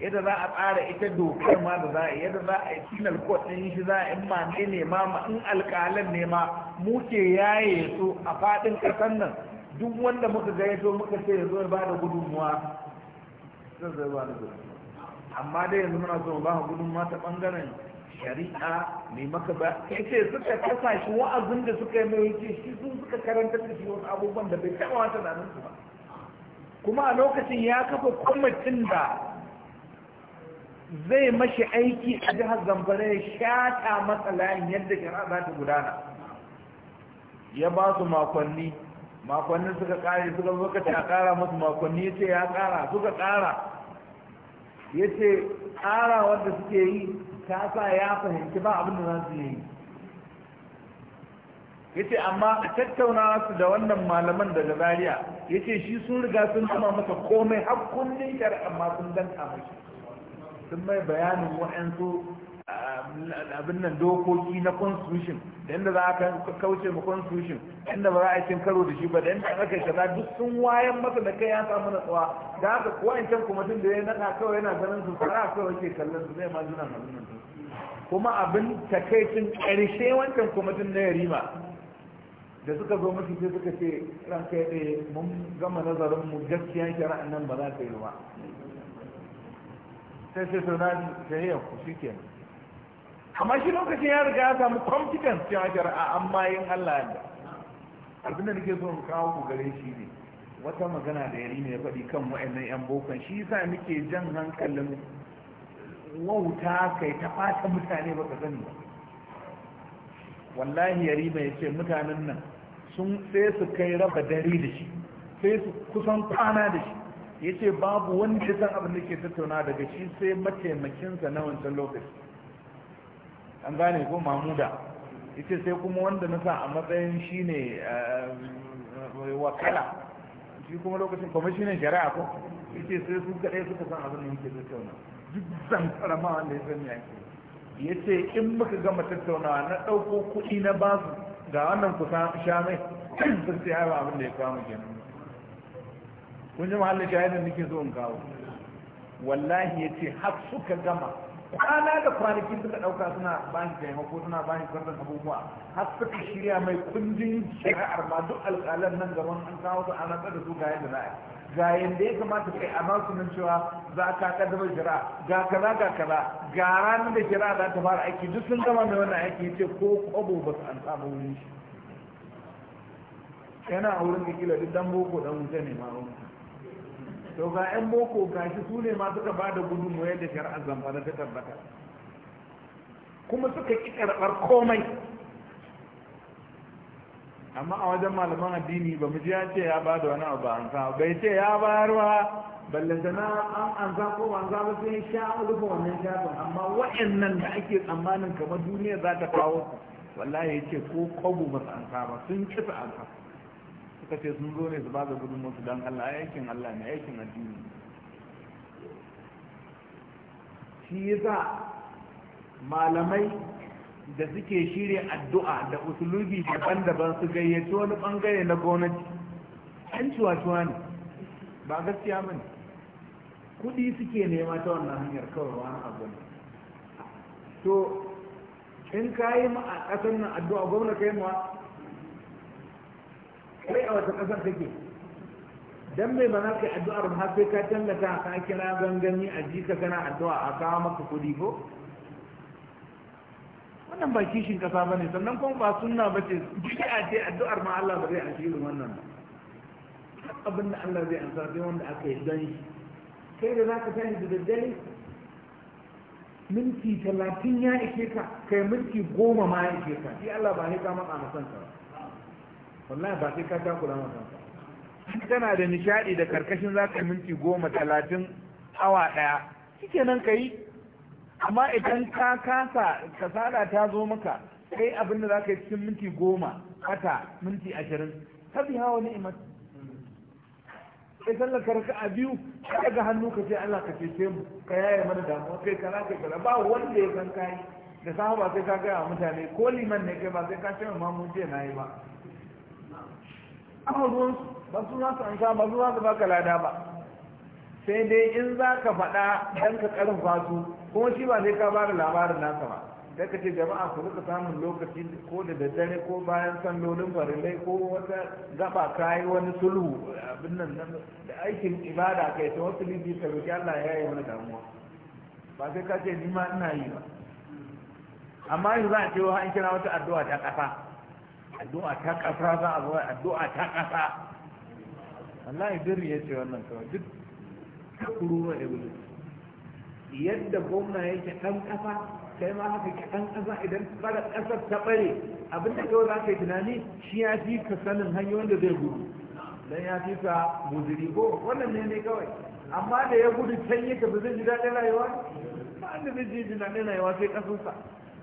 yadda za a tsara ita dokar ma da za a yadda za a yi final court ɗin shi za a yi ma ne ne ma in alƙalan ne ma mu ke yaye su a faɗin ƙasar nan duk wanda muka gayyato muka ce ya zo ba da gudunmuwa zai ba da gudunmuwa amma dai yanzu muna so ba gudunmuwa ta ɓangaren shari'a mai maka ba ya ce suka kasa shi wa'azin da suka yi mai yake shi sun suka karanta da shi wasu abubuwan da bai taɓa wata nanin su ba kuma a lokacin ya kafa kwamitin da zai mashi aiki a jihar zamfara ya shata masa layin yadda shari'a za ta gudana ya ba su makonni makonni suka kare suka zo kace a kara musu makonni ya ce ya kara suka kara ya ce kara wanda suke yi ta sa ya fahimci ba abin da za yi yace amma a tattauna su da wannan malaman daga Zariya yace shi sun riga sun zama masa komai har kullun shari'a amma sun mashi sun mai bayanin wa'ansu abin nan dokoki na constitution da inda za a kauce ma constitution yadda inda ba za a cin karo da shi ba da inda aka yi kaza duk sun wayan masa da kai ya samu natsuwa da haka kuwa can kuma tun da ya naɗa kawai yana ganin su fara kawai ke kallon su zai ma juna nan kuma abin takaicin ƙarshe wancan kwamitin na yarima da suka zo musu sai suka ce ran kai ɗaya mun gama nazarin mu gaskiya shari'an nan ba za ta yi ba sai sai sauna shari'a ku shi kenan amma shi lokacin ya riga ya samu confidence cewa jara'a amma yin Allah ya abin da nake so in kawo ku gare shi ne wata magana da yari ne ya faɗi kan wa'annan yan bokan shi yasa muke jan hankalin wauta kai ta fata mutane baka sani ba wallahi yari mai ce mutanen nan sun sai su kai raba dare da shi sai su kusan kwana da shi ya ce babu wani san abin da ke tattauna daga shi sai mataimakinsa na wancan lokaci an gane ko mahmuda ita sai kuma wanda na sa a matsayin shi ne eh, wakala shi kuma lokacin kwamishinan shari'a ko ita sai su kaɗai suka san abin da yake tattauna duk zan karama wanda ya sani yake ya ce in muka gama tattaunawa na ɗauko kuɗi na basu ga wannan kusa sha mai sun sai haifa abin da ya kawo kenan kun ji mahallin shahidin nake zo in kawo wallahi ya ce har suka gama kana da kwanaki suka ɗauka suna bani taimako suna bani kwanan abubuwa har suka shirya mai kundin shari'ar ma duk alƙalan nan gaban an kawo su ana da su ga yadda za a ga yadda ya kamata kai a su nan cewa za ka kaddamar shari'a ga kaza ga kaza ga ranar da shari'a za ta fara aiki duk sun gama mai wannan aiki ce ko kwabo ba su an samu wuri shi yana a wurin da kila duk dan boko dan wuce ne ma wani to ga 'yan boko gashi su ne ma suka ba da gudunmu yadda shari'a zamfara ta tabbata kuma suka ki karɓar komai amma a wajen malaman addini ba mu ji ya ce ya ba da wani abu an sa bai ce ya bayarwa na an an za ko an za ba sai sha rufe wannan shafin amma wa'annan da ake tsammanin kamar duniya za ta kawo wallahi ya ce ko kwabo masu an sa ba sun kisa an sa suka ce sun zo ne su ba da gudun musu don Allah aikin Allah ne aikin addini shi yasa malamai da suke shirya addu'a da usulubi daban-daban su gayyaci wani bangare na gwamnati an cuwa-cuwa ne ba gaskiya mani kudi suke nema ta wannan hanyar kawai wani abu ne to in ka yi ma a ƙasar nan addu'a gwamna kai ma kai a wata ƙasar take dan mai ba za ka yi addu'ar ba sai ka tallata ka kira gangami a ka kana addu'a a kawo maka kuɗi ko wannan ba kishin kasa ba ne sannan kuma ba sunna ba ce a ce addu'ar ma Allah ba zai ashirin wannan ba abin da Allah zai ansa sai wanda aka yi don shi kai da zaka sani da daddare minti talatin ya ishe ka kai minti goma ma ya ishe ka shi Allah ba ne ka matsa masanta ba wallahi ba sai ka kula ma kanka tana da nishadi da karkashin za ka minti goma talatin awa daya shike nan ka yi amma idan ka kasa kasala ta zo maka kai abin da za ka yi cikin minti goma kata minti ashirin ka bi hawa ni'imat sai sallar karka a biyu ka daga hannu ka ce Allah ka cece mu ka yaye mana damuwa kai kana kai kana ba wanda ya san kai da sahaba sai ka gaya mutane ko liman ne kai ba sai ka ce mamun mun ce nayi ba amma ruwansu ba za su ba su za su baka lada ba sai dai in za ka faɗa don ka ƙarfafa su kuma shi ba sai ka ba da labarin nasa ba da ka ce jama'a ku rika samun lokaci ko da daddare ko bayan sallolin farilai ko wata gaba kayi wani sulhu abin nan da aikin ibada kai ta wasu liji ta roƙi Allah ya yi wani damuwa ba sai ka ce ni ina yi ba amma yanzu za a ce an kira wata addu'a ta ƙasa addu'a ta ƙasa za a zo addu'a ta ƙasa wallahi birni ya ce wannan kawai duk ta kuruwa iblis yadda gwamna yake ɗan ƙasa kai ma haka ke ɗan ƙasa idan tsara ƙasar ta ɓare abin da kawai za ka yi tunani shi ya fi ka sanin hanyoyin da zai gudu dan ya fi ka muziri ko wannan ne ne kawai amma da ya gudu can yi ka ba zai ji daɗin rayuwa ba da zai ji daɗin rayuwa sai ƙasarsa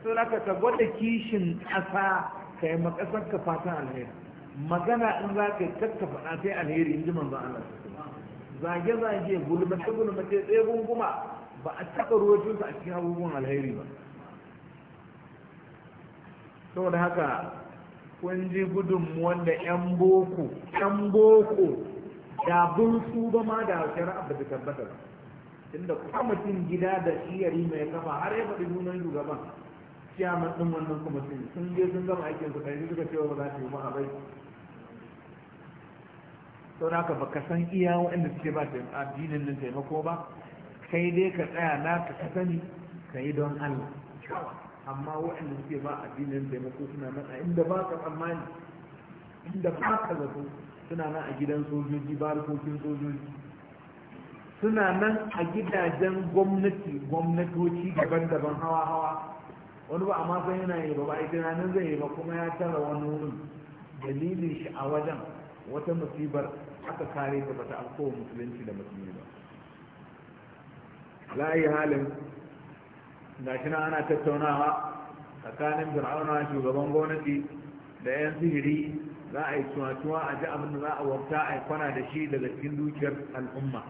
to za ka gwada kishin ƙasa ka yi makasar ka fatan alheri magana in za ka yi a sai alheri in ji manzo Allah zage-zage gulmace-gulmace tsebun gunguma ba a taɓa sa a cikin abubuwan alheri ba saboda haka kun ji gudun wanda 'yan boko 'yan boko da bun su ba ma da shari'a ba ta tabbata ba tunda kwamitin gida da shiyari mai kafa har ya faɗi sunan shugaban ciyaman ɗin wannan kuma sun sun je sun gama aikin su kai suka cewa ba za su yi ba bai sau da ba ka san iya waɗanda suke ba addinin nan taimako ba kai dai ka tsaya na ka sani ka yi don allah amma waɗanda suke ba addinin taimako suna nan a inda ba ka tsammani inda ba ka zato suna nan a gidan sojoji barkokin sojoji suna nan a gidajen gwamnati gwamnatoci daban-daban hawa-hawa wani ba amma san yana yi ba ba ita nan zai yi ba kuma ya tara wani wurin dalilin shi a wajen wata musibar aka kare ta bata afko musulunci da musulmi ba yi halin shi nan ana tattaunawa tsakanin fir'auna shugaban gwamnati da yan sihiri za a yi tuwa a ji abin da za a wabta a kwana da shi daga cikin dukiyar al'umma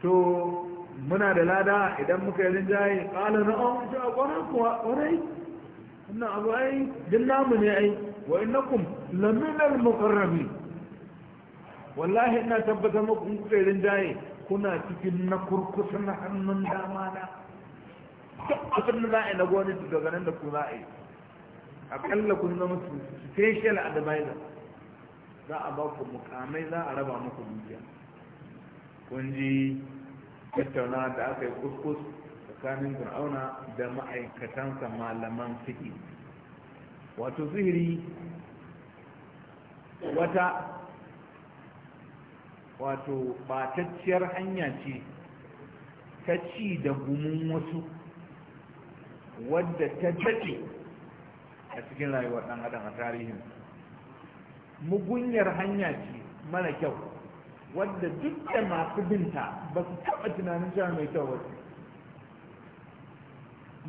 to muna da lada idan muka yi rinjaye ƙala na an shi a ƙwarar kuwa ƙwarai wannan abu ai din namu ne ai wa kun laminar muqarrabi wallahi ina tabbatar muku in kuka yi rinjaye kuna cikin na kurkusa na hannun dama na duk abin da za a yi na gwamnati daga nan da ku za a yi akalla kun zama special advisor za a ba ku mukamai za a raba muku dukiya kun ji tattauna da aka yi kuskus tsakanin fir'auna da ma'aikatansa malaman fiki wato zihiri wata wato batacciyar hanya ce ta ci da gumin wasu wadda ta dace a cikin rayuwar ɗan adam a tarihin mugunyar hanya ce mana kyau wadda duk da masu binta ba su taɓa tunanin cewa mai kyau wasu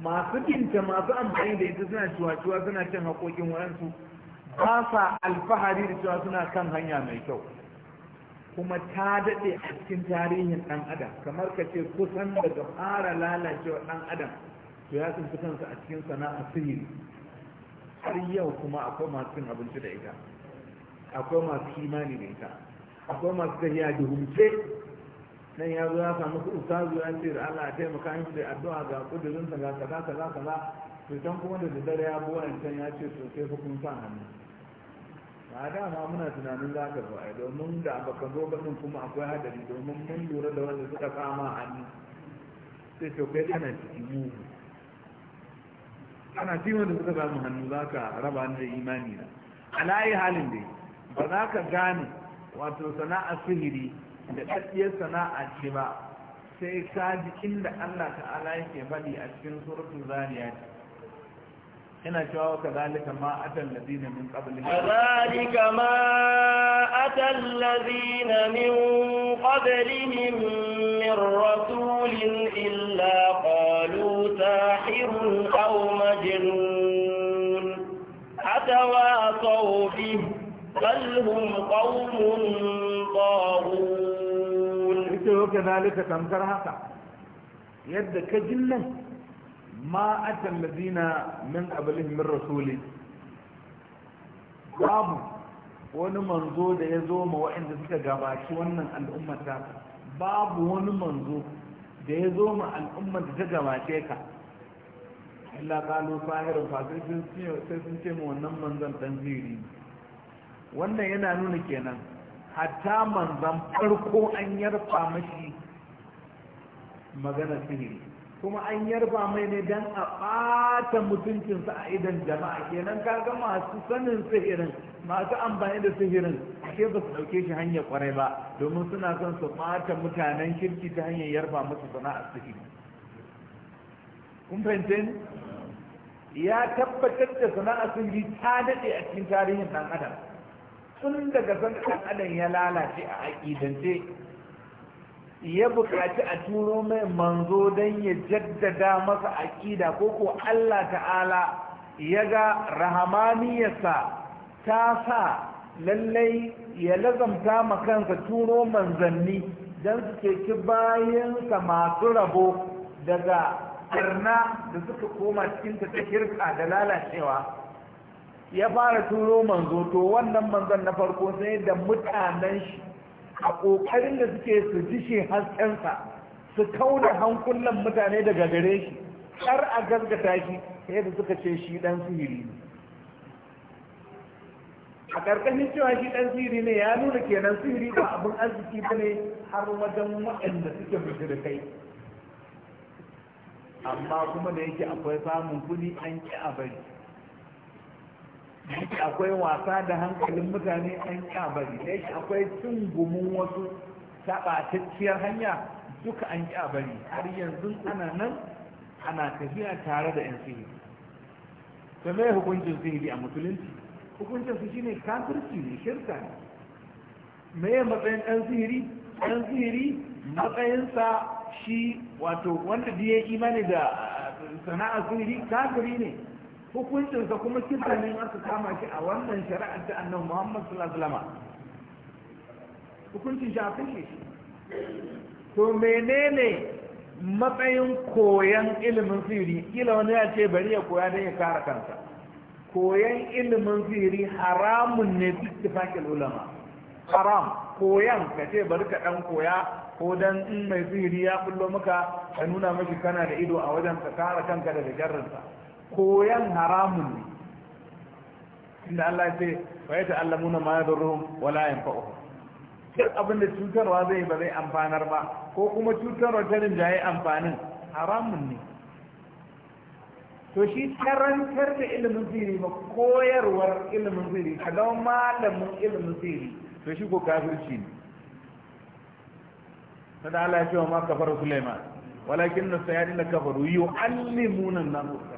masu binta masu amfani da ita suna cewa cewa suna cin haƙoƙin waɗansu ba sa alfahari da cewa suna kan hanya mai kyau kuma ta daɗe a cikin tarihin ɗan adam kamar ka ce kusan daga fara lalacewa ɗan adam to ya tsinci kansa a cikin sana'a sihiri har yau kuma akwai masu cin abinci da ita akwai masu imani da ita akwai masu tafiya da humce nan ya zo ya samu su ustazu ya ce da Allah ya taimaka mishi da addu'a ga sa ga kaza kaza kaza to can kuma da daddare ya bi wancan ya ce sosai hukun sa hannu ba da ma muna tunanin za ka zuwa domin da baka zo ba din kuma akwai hadari domin mun lura da wanda suka kama hannu sai to kai kana ciki mu ana ci wanda suka samu hannu za ka raba ni da imani na alayi halin dai ba za ka gane wato sana'a sihiri da ɗaɗɗiyar sana'a ce ba sai ka ji inda Allah ta'ala yake faɗi a cikin suratul zariyat ina cewa ka zalika ma atal ladina min qablihim zalika ma atal ladina min qablihim min rasulin illa qalu sahirun aw majnun بل هم قوم طاغون وكذلك تمكر هكا يد كجلا ما أتى الذين من قبلهم من رسول babu wani manzo da ya zo ma waɗanda suka gabaci wannan al'ummata babu wani manzo da ya zo ma al'ummar da ta gabace ka illa kalu sahirin fa sai sun ce ma wannan manzon dan ziri ne wannan yana nuna kenan hatta manzan farko an yarfa mashi magana sihiri kuma an yarfa mai ne don a ɓata mutuncinsa a idan jama'a kenan kaga masu sanin sihirin masu amfani da sihirin ke ba su ɗauke shi hanyar kwarai ba domin suna son su ɓata mutanen kirki ta hanyar yarfa musu sana'ar sihiri kun fahimce ya tabbatar da sana'ar sihiri ta daɗe a cikin tarihin ɗan adam tun daga san kan adam ya lalace a aƙidance ya buƙaci a turo mai manzo don ya jaddada masa aƙida ko ko Allah ta'ala ya ga rahamaniyarsa ta sa lallai ya lazamta ma kansa turo manzanni don su ceci bayansa masu rabo daga ƙarna da suka koma cikinta ta shirka da lalacewa ya fara turo manzo to wannan manzon na farko sai da mutanen shi a ƙoƙarin da suke su ji shi haskensa su kauna hankulan mutane daga gare shi har a gaskata shi sai da suka ce shi dan sihiri ne a ƙarƙashin cewa shi ɗan sihiri ne ya nuna kenan sihiri ba abin arziki ba ne har wajen waɗanda suke kai. amma kuma da yake akwai samun kuɗi an ƙi a bari yake akwai wasa da hankalin mutane an bari. da yake akwai cin gumin wasu taɓatacciyar hanya duka an bari. har yanzu ana nan ana tafiya tare da yan sihiri to me hukuncin sihiri a musulunci hukuncin su shine kafirci ne shirka ne me ya matsayin ɗan sihiri ɗan sihiri matsayinsa shi wato wanda da ya imani da sana'a sihiri kafiri ne hukuncinsa kuma kisa ne aka kama shi a wannan shari'ar da annabi Muhammad sallallahu alaihi wasallam hukuncin shi a to menene matsayin koyan ilimin sirri kila wani ya ce bari ya koya don ya kare kansa koyan ilimin sirri haramun ne ittifaqil ulama haram koyan ka ce bari ka dan koya ko dan in mai sihiri ya kullo maka ka nuna mashi kana da ido a wajen ka kare kanka daga jarrinsa koyan haramun ne inda Allah ya ce wa ya ta'allamuna ma yadurruhum wa la yanfa'uhum duk abin da cutarwa zai ba zai amfanar ba ko kuma cutarwa ta yi amfanin haramun ne to shi karantar da ilimin siri ba koyarwar ilimin siri ka malamin ilimin siri to shi ko kafirci ne sada Allah ya ce wa ma kafar Sulaiman walakin nasayadin kafaru yu'allimuna an-nas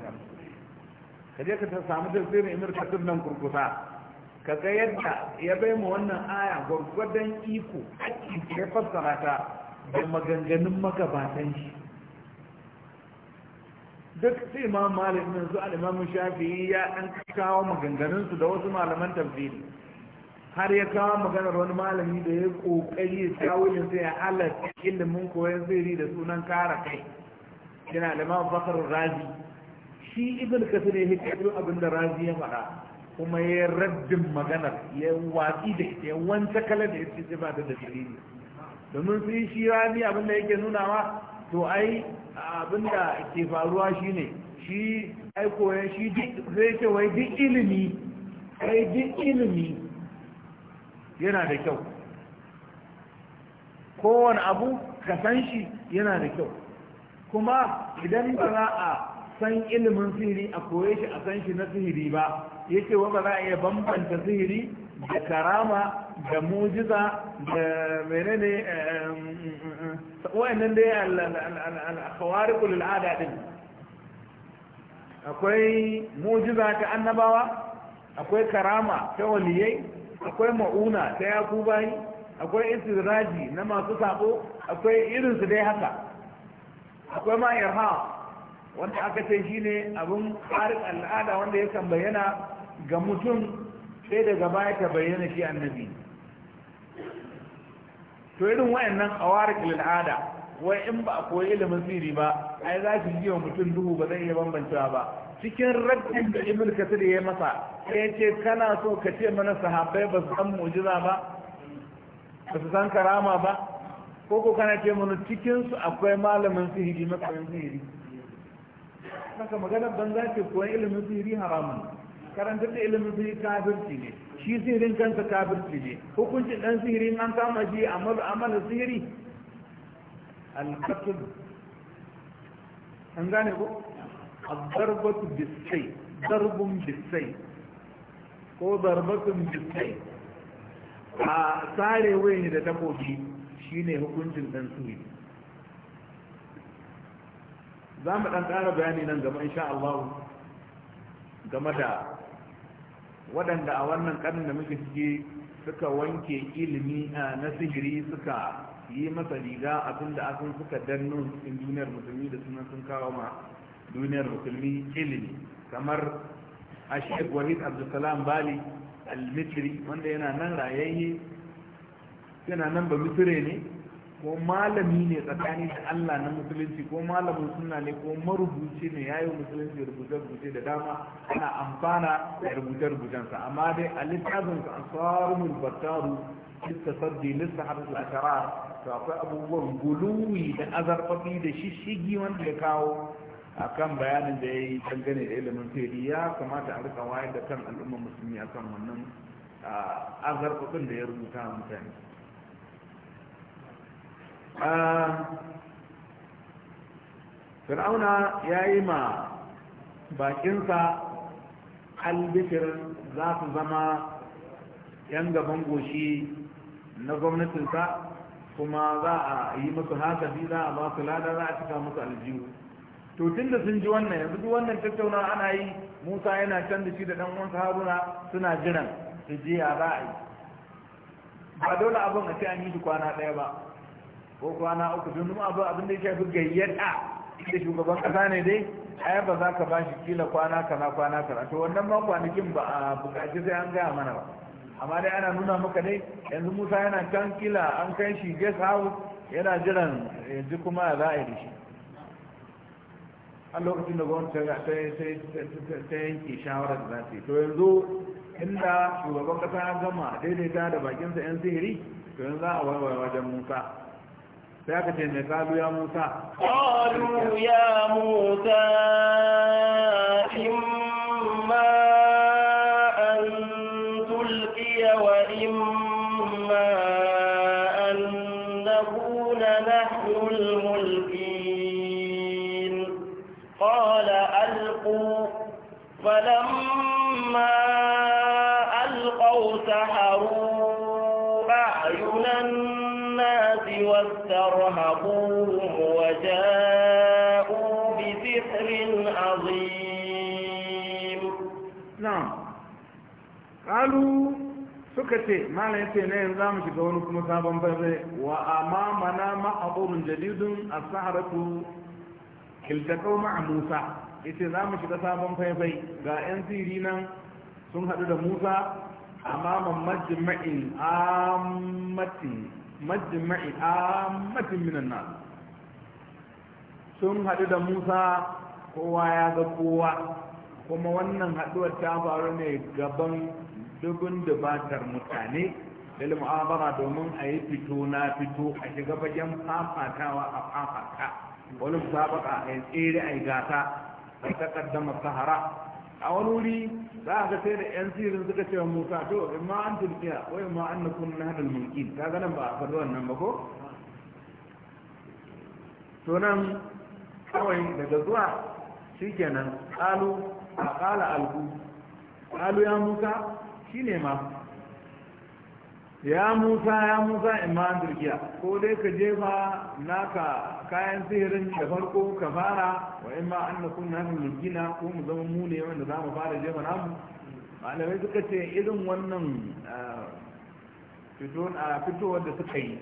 ka je ka ta samu tafsirin imir nan kurkusa ka ga yadda ya bai mu wannan aya gwargwadon iko ya fassara ta da maganganun magabatan shi duk sai imam malik min su al ya dan kawo maganganun su da wasu malaman tafsiri har ya kawo maganar wani malami da ya kokari ya kawo yin sai ya halatta ilimin koyon sirri da sunan kara kai yana da mafakar razi shi ibn kasir ya hikayo abin da razi ya faɗa kuma ya raddin maganar ya watsi da ita ya wanta kala da yake ce ba da dalili domin su yi shi razi abin da yake nunawa to ai abin da ke faruwa ne shi ai koyan shi zai ce wai duk ilimi kai duk ilimi yana da kyau kowane abu ka san shi yana da kyau kuma idan ba za a san ilimin sihiri a koye shi a san shi na sihiri ba ya wa ba za a iya bambanta sihiri da karama da mujiza da menene wa'annan dai al al'ada din akwai mujiza ta annabawa akwai karama ta waliyai akwai ma'una ta bayi akwai isiraji na masu sabo akwai irinsu dai haka akwai ma wanda aka ce ne abin tsarin al'ada wanda ya kan bayyana ga mutum sai daga baya ta bayyana shi annabi to irin nan wayannan awarik al'ada wai in ba a koyi ilimin siri ba ai za ki ji wa mutum duhu ba zai iya bambancewa ba cikin raddin da ibn kasir ya yi masa sai ya ce kana so ka ce mana sahabai ba su san mu'jiza ba ba su san karama ba ko ko kana ce mana cikinsu akwai malamin sihiri masanin sihiri saka maganar banza ce koyan ilimin sihiri haramun karantar da ilimin sihiri kafirci ne shi sihirin kansa kafirci ne hukuncin dan sihiri an kama shi a mu'amalar sihiri al-qatl an gane ko ad-darbatu bis-sayf darbun bis-sayf ko darbatun bis-sayf a sare waye da takobi shine hukuncin dan sihiri za mu ɗan ƙara bayani nan gaba insha Allah game da waɗanda a wannan ƙarnin da muke cike suka wanke ilimi na sihiri suka yi masa riga abin da asin suka danno cikin duniyar musulmi da sunan sun kawo ma duniyar musulmi ilimi kamar a sheik wahid abdulsalam bali al-misri wanda yana nan rayayye yana nan ba misire ne ko malami ne tsakani da Allah na musulunci ko malamin sunna ne ko marubuci ne ya yi musulunci rubuce-rubuce da dama ana amfana da rubuce-rubucensa amma dai a littafinsa an sarumul battaru lissa sardi lissa harsu a shara to akwai abubuwan guluwi da azarfafi da shishigi wanda ya kawo akan bayanin da ya yi dangane da ilimin fili ya kamata a rika wayar da kan al'ummar musulmi akan wannan azarfafin da ya rubuta mutane fir'auna ya yi ma bakinsa albishir za su zama yan gaban goshi na gwamnatinsa kuma za a yi musu hasabi za a ba su lada za a cika musu aljihu to tun da sun ji wannan yanzu duk wannan tattauna ana yi musa yana can da shi da ɗan uwansa haruna suna jiran su je ya a ra'ayi ba dole abin a ce an yi shi kwana ɗaya ba ko kwana uku don numa abu abin da ya fi gayyata da shugaban kasa ne dai a ba za ka bashi kila kwana kaza kwana kaza to wannan ma kwanakin ba a bukaci sai an gaya mana ba amma dai ana nuna maka ne yanzu musa yana can kila an kai shi guest house yana jiran yanzu kuma za a yi da shi a lokacin da gwamnati ta yanke shawarar da za to yanzu inda shugaban kasa ya gama daidaita da bakinsa yan sihiri to yanzu za a warware wajen musa sai aka ce mai kalu ya musa kalu ya musa واسترهبوه وجاءوا بسحر عظيم نعم قالوا suka ce malam yace ne yanzu zamu shiga wani kuma sabon bare wa amamana ma'aburun jadidun as-saharatu kiltaqaw ma'a Musa yace zamu shiga sabon faifai ga yan siri nan sun hadu da Musa amaman majma'in ammatin majma'i ammatin minan nas sun haɗu da Musa kowa ya ga kowa kuma wannan haɗuwar ta faru ne gaban dubun dubatar mutane lil mu'abara domin a yi fito na fito a shiga fagen fafatawa a fafata wani musabaka a yi tsere a yi gasa a taƙaddama sahara a wani wuri za a ga sai da yan sirrin suka ce musa to in ma an tulkiya ko in ma an na kunna hannun mulki ta ganin ba a faɗi nan ba ko to nan kawai daga zuwa nan kalu a kala alku kalu ya musa shi ne ma ya musa ya musa iman turkiya ko dai ka je jefa naka kayan sihirin da farko ka fara wa in ma an na kunna mu ko mu zama mu ne wanda za mu fara jefa namu malamai suka ce irin wannan ah, ah, fitowar da suka yi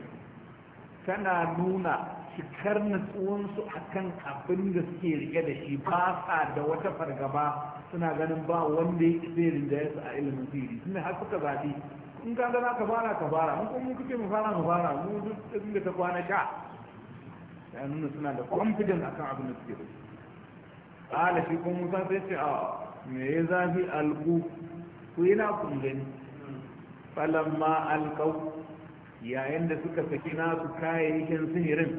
tana nuna cikar natsuwansu a kan abin da suke rike da shi ba sa da wata fargaba suna ganin ba wanda ya zai rinjaye su a ilimin sihiri suna har suka zafi in ka ga ka fara ka fara mun kuma kuke mu fara mu fara mu duk da ta kwana sha ya nuna suna da confidence akan abin da suke da shi ala shi kuma musa sai ce a ah, me ya zafi alku ku yi kun gani falamma alkau yayin da suka saki nasu kayayyakin sihirin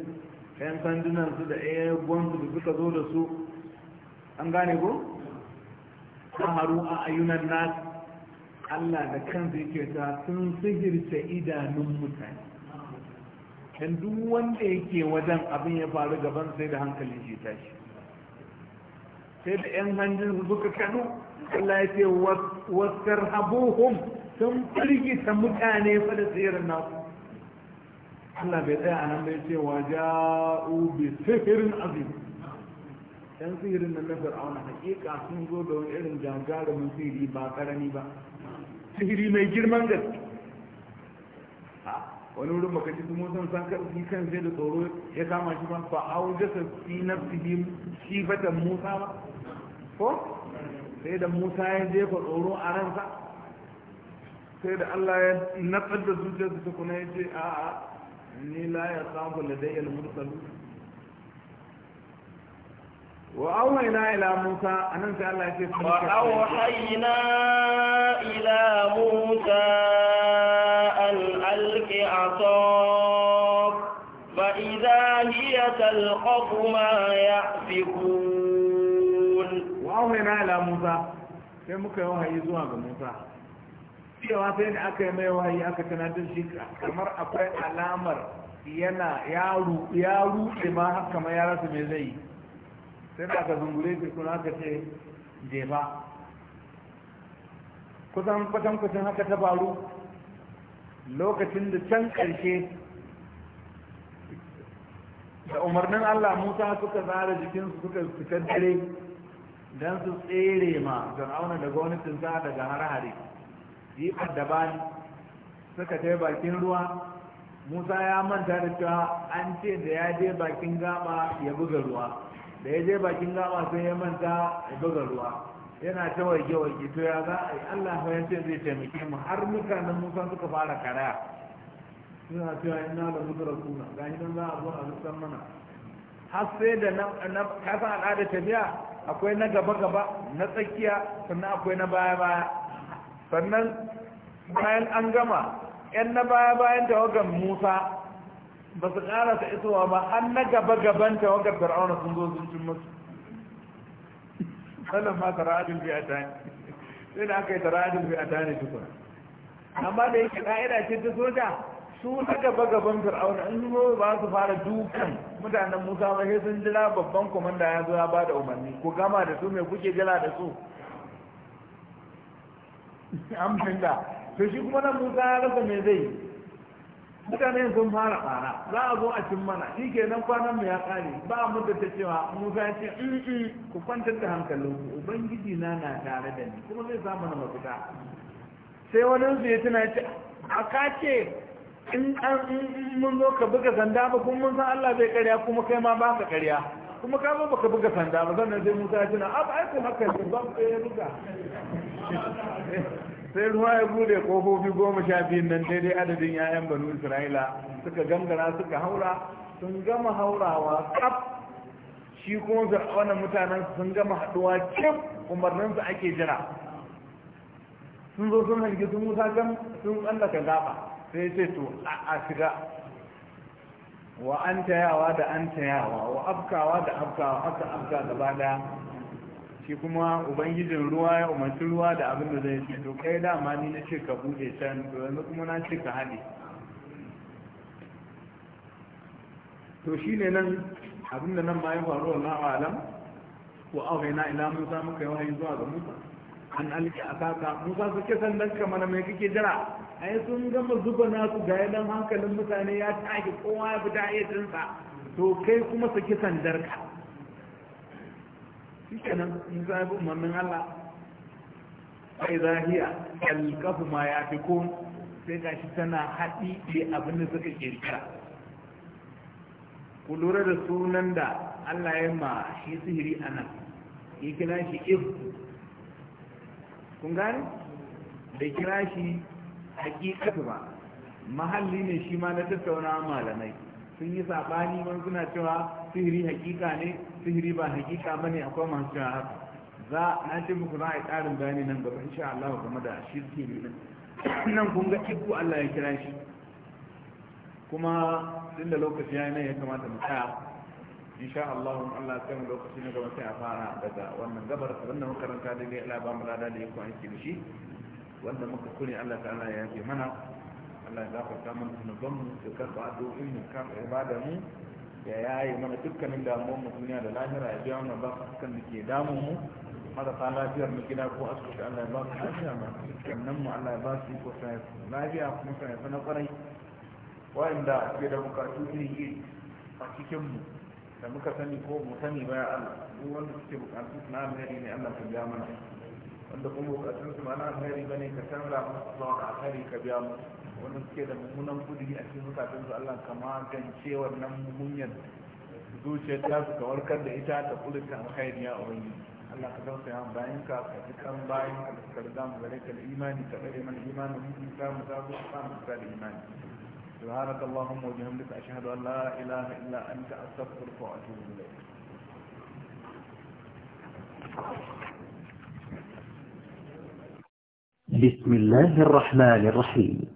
yan sandunan su da ɗaya gwansu da suka zo da su an gane ko haru a ayyunan nasu Allah da kansa yake ta sun sihirce idanun mutane dan duk wanda yake wajen abin ya faru gaban sai da hankalin shi tashi sai da yan hanjin suka kano Allah ya ce wasar habuhum sun firgita mutane fa da tsirin nasu Allah bai tsaya a nan bai ce wa ja'u bi sihirin azim dan sihirin nan na fir'auna hakika sun zo da wani irin gagarumin sihiri ba karami ba sihiri mai girman gaske wani wurin baka ci kuma sun san karfi kan zai da tsoro ya kama shi ban fa au jasa fi shi sifatan musa ba ko sai da musa ya jefa tsoro a ransa sai da Allah ya natsar da ta kuna ya ce a'a ni la ya samu da dai al-mursalu وأوحينا إلى موسى أن أنت الله يسير وأوحينا إلى موسى أن ألق عصاك فإذا هي تلقف ما يأفكون وأوحينا ila musa sai muka yi wahayi zuwa ga Musa cewa sai da aka yi mai wahayi aka tunatar shi kamar akwai alamar yana ya ruɗe ma haka ma ya mai zai yi sai aka zungure shi kuna aka ce jefa kusan kwatan kusan haka ta faru lokacin da can karshe da umarnin Allah Musa suka tsara jikinsu suka fitar dare don su tsere ma auna da gwamnatinsa daga har-hare yi bani suka ta bakin ruwa musa ya manta da cewa an ce da ya je bakin gaba ya buga ruwa da ya je bakin gaba sai ya manta a buga ruwa yana ta waje waje to ya za a yi allah ya ce zai taimake mu har nan musan suka fara karaya suna cewa na da mutu kuna ga shi nan za a zo a zuƙan mana har sai da na kasa al'ada tafiya akwai na gaba gaba na tsakiya sannan akwai na baya baya sannan bayan an gama yan na baya bayan tawagan musa ba su kara ta isowa ba an na gaba gaban tawagar fir'auna sun zo sun cin musu sannan ma tara'adin bi a ne. sai da aka yi tara'adin bi a ne tukun amma da yake ka'ida ce ta soja su na gaba gaban fir'auna in zo ba su fara dukan mutanen musa ba sai sun jira babban kwamanda ya zo ya ba da umarni Ko gama da su mai kuke jira da su an da to shi kuma nan musa ya rasa me zai yi mutane sun fara fara za a zo a cin mana shi ke nan kwanan mu ya kare ba a mutu ta cewa musa ya ce ku kwantar da hankalin ku ubangiji na na tare da ni kuma zai samu na mafita sai wani su ya tuna ce a kace in an mun zo ka buga sanda ba kuma mun san Allah zai karya kuma kai ma ba ka karya kuma ka zo baka buga sanda ba sannan sai musa ya tuna a ba ai kuma haka ba ya buga sai ruwa ya bude kofofi goma sha biyun nan daidai adadin 'ya'yan banu isra'ila suka gangara suka haura sun gama haurawa kaf shi kuma wannan mutanen sun gama haduwa umarnin umarninsu ake jira sun zo sun hangi sun musa kan sun tsallaka gaba sai ce to a shiga wa an tayawa da an tayawa wa afkawa da afkawa aka afka gaba daya shi kuma ubangijin ruwa ya umarci ruwa da abin da zai to kai dama ni na ce ka bude can to yanzu kuma na ce ka haɗe to shi ne nan abin da nan ma faruwa na wannan alam ko na ila musa muka yi wahayi zuwa ga musa an alki kaka musa su ke sandan ka mana mai kake jira ai sun gama zuba nasu ga yadda hankalin mutane ya tashi kowa ya fita hayyacinsa to kai kuma su ke sandar ka shi in za a bi umarnin Allah sai zahiya kalkafu ma ya fi kun sai ga shi tana haɗi da abin da suka kirkira ku lura da sunan da Allah ya ma shi sihiri a nan ya kira shi if? kun gani da kira shi hakikatu ba mahalli ne shi ma na tattauna malamai sun yi saɓani man suna cewa sihiri hakika ne sihiri ba hakika ba bane akwai masu cewa haka za na ce muku za a yi tsarin bayani nan gaba insha Allah game da shi sihiri nan nan kun ga iku Allah ya kira shi kuma tun lokaci ya nan ya kamata mu tsaya insha Allah in Allah sai mu lokaci na gaba sai a fara daga wannan gabar wannan makaranta da dai Allah ba mu lada da yake aiki da shi wanda muka kure Allah ta'ala ya yafe mana Allah ya gafarta mana zunubanmu da karɓa addu'o'in mu kan ibada mu ya yi mana dukkanin damuwar mu duniya da lahira ya biya mana ba su dukkan da ke damun mu marasa lafiyar mu gida ko asibiti Allah ya ba su lafiya ma sannan mu Allah ya ba su iko sai lafiya kuma sai na kwarai wanda ke da bukatu ne yi a cikin mu da muka sani ko mu sani ba ya Allah duk wanda suke bukatu na alheri ne Allah ka biya mana wanda kuma bukatun su ma na alheri bane ka canza musu zuwa alheri ka biya mu. wanda suke da mummunan kudi a cikin zukatan su Allah ka magance wannan mummunyar zuciyar ta su ka warkar da ita ta kulita alkhairi ya ubangiji Allah ka dauka ya bayan ka ka ji kan bayan ka ka da mu gare ka imani ka gare mana imanin mu ka mu da mu ka mu da imani سبحانك اللهم وبحمدك أشهد أن لا إله إلا أنت أستغفرك وأتوب إليك بسم الله الرحمن الرحيم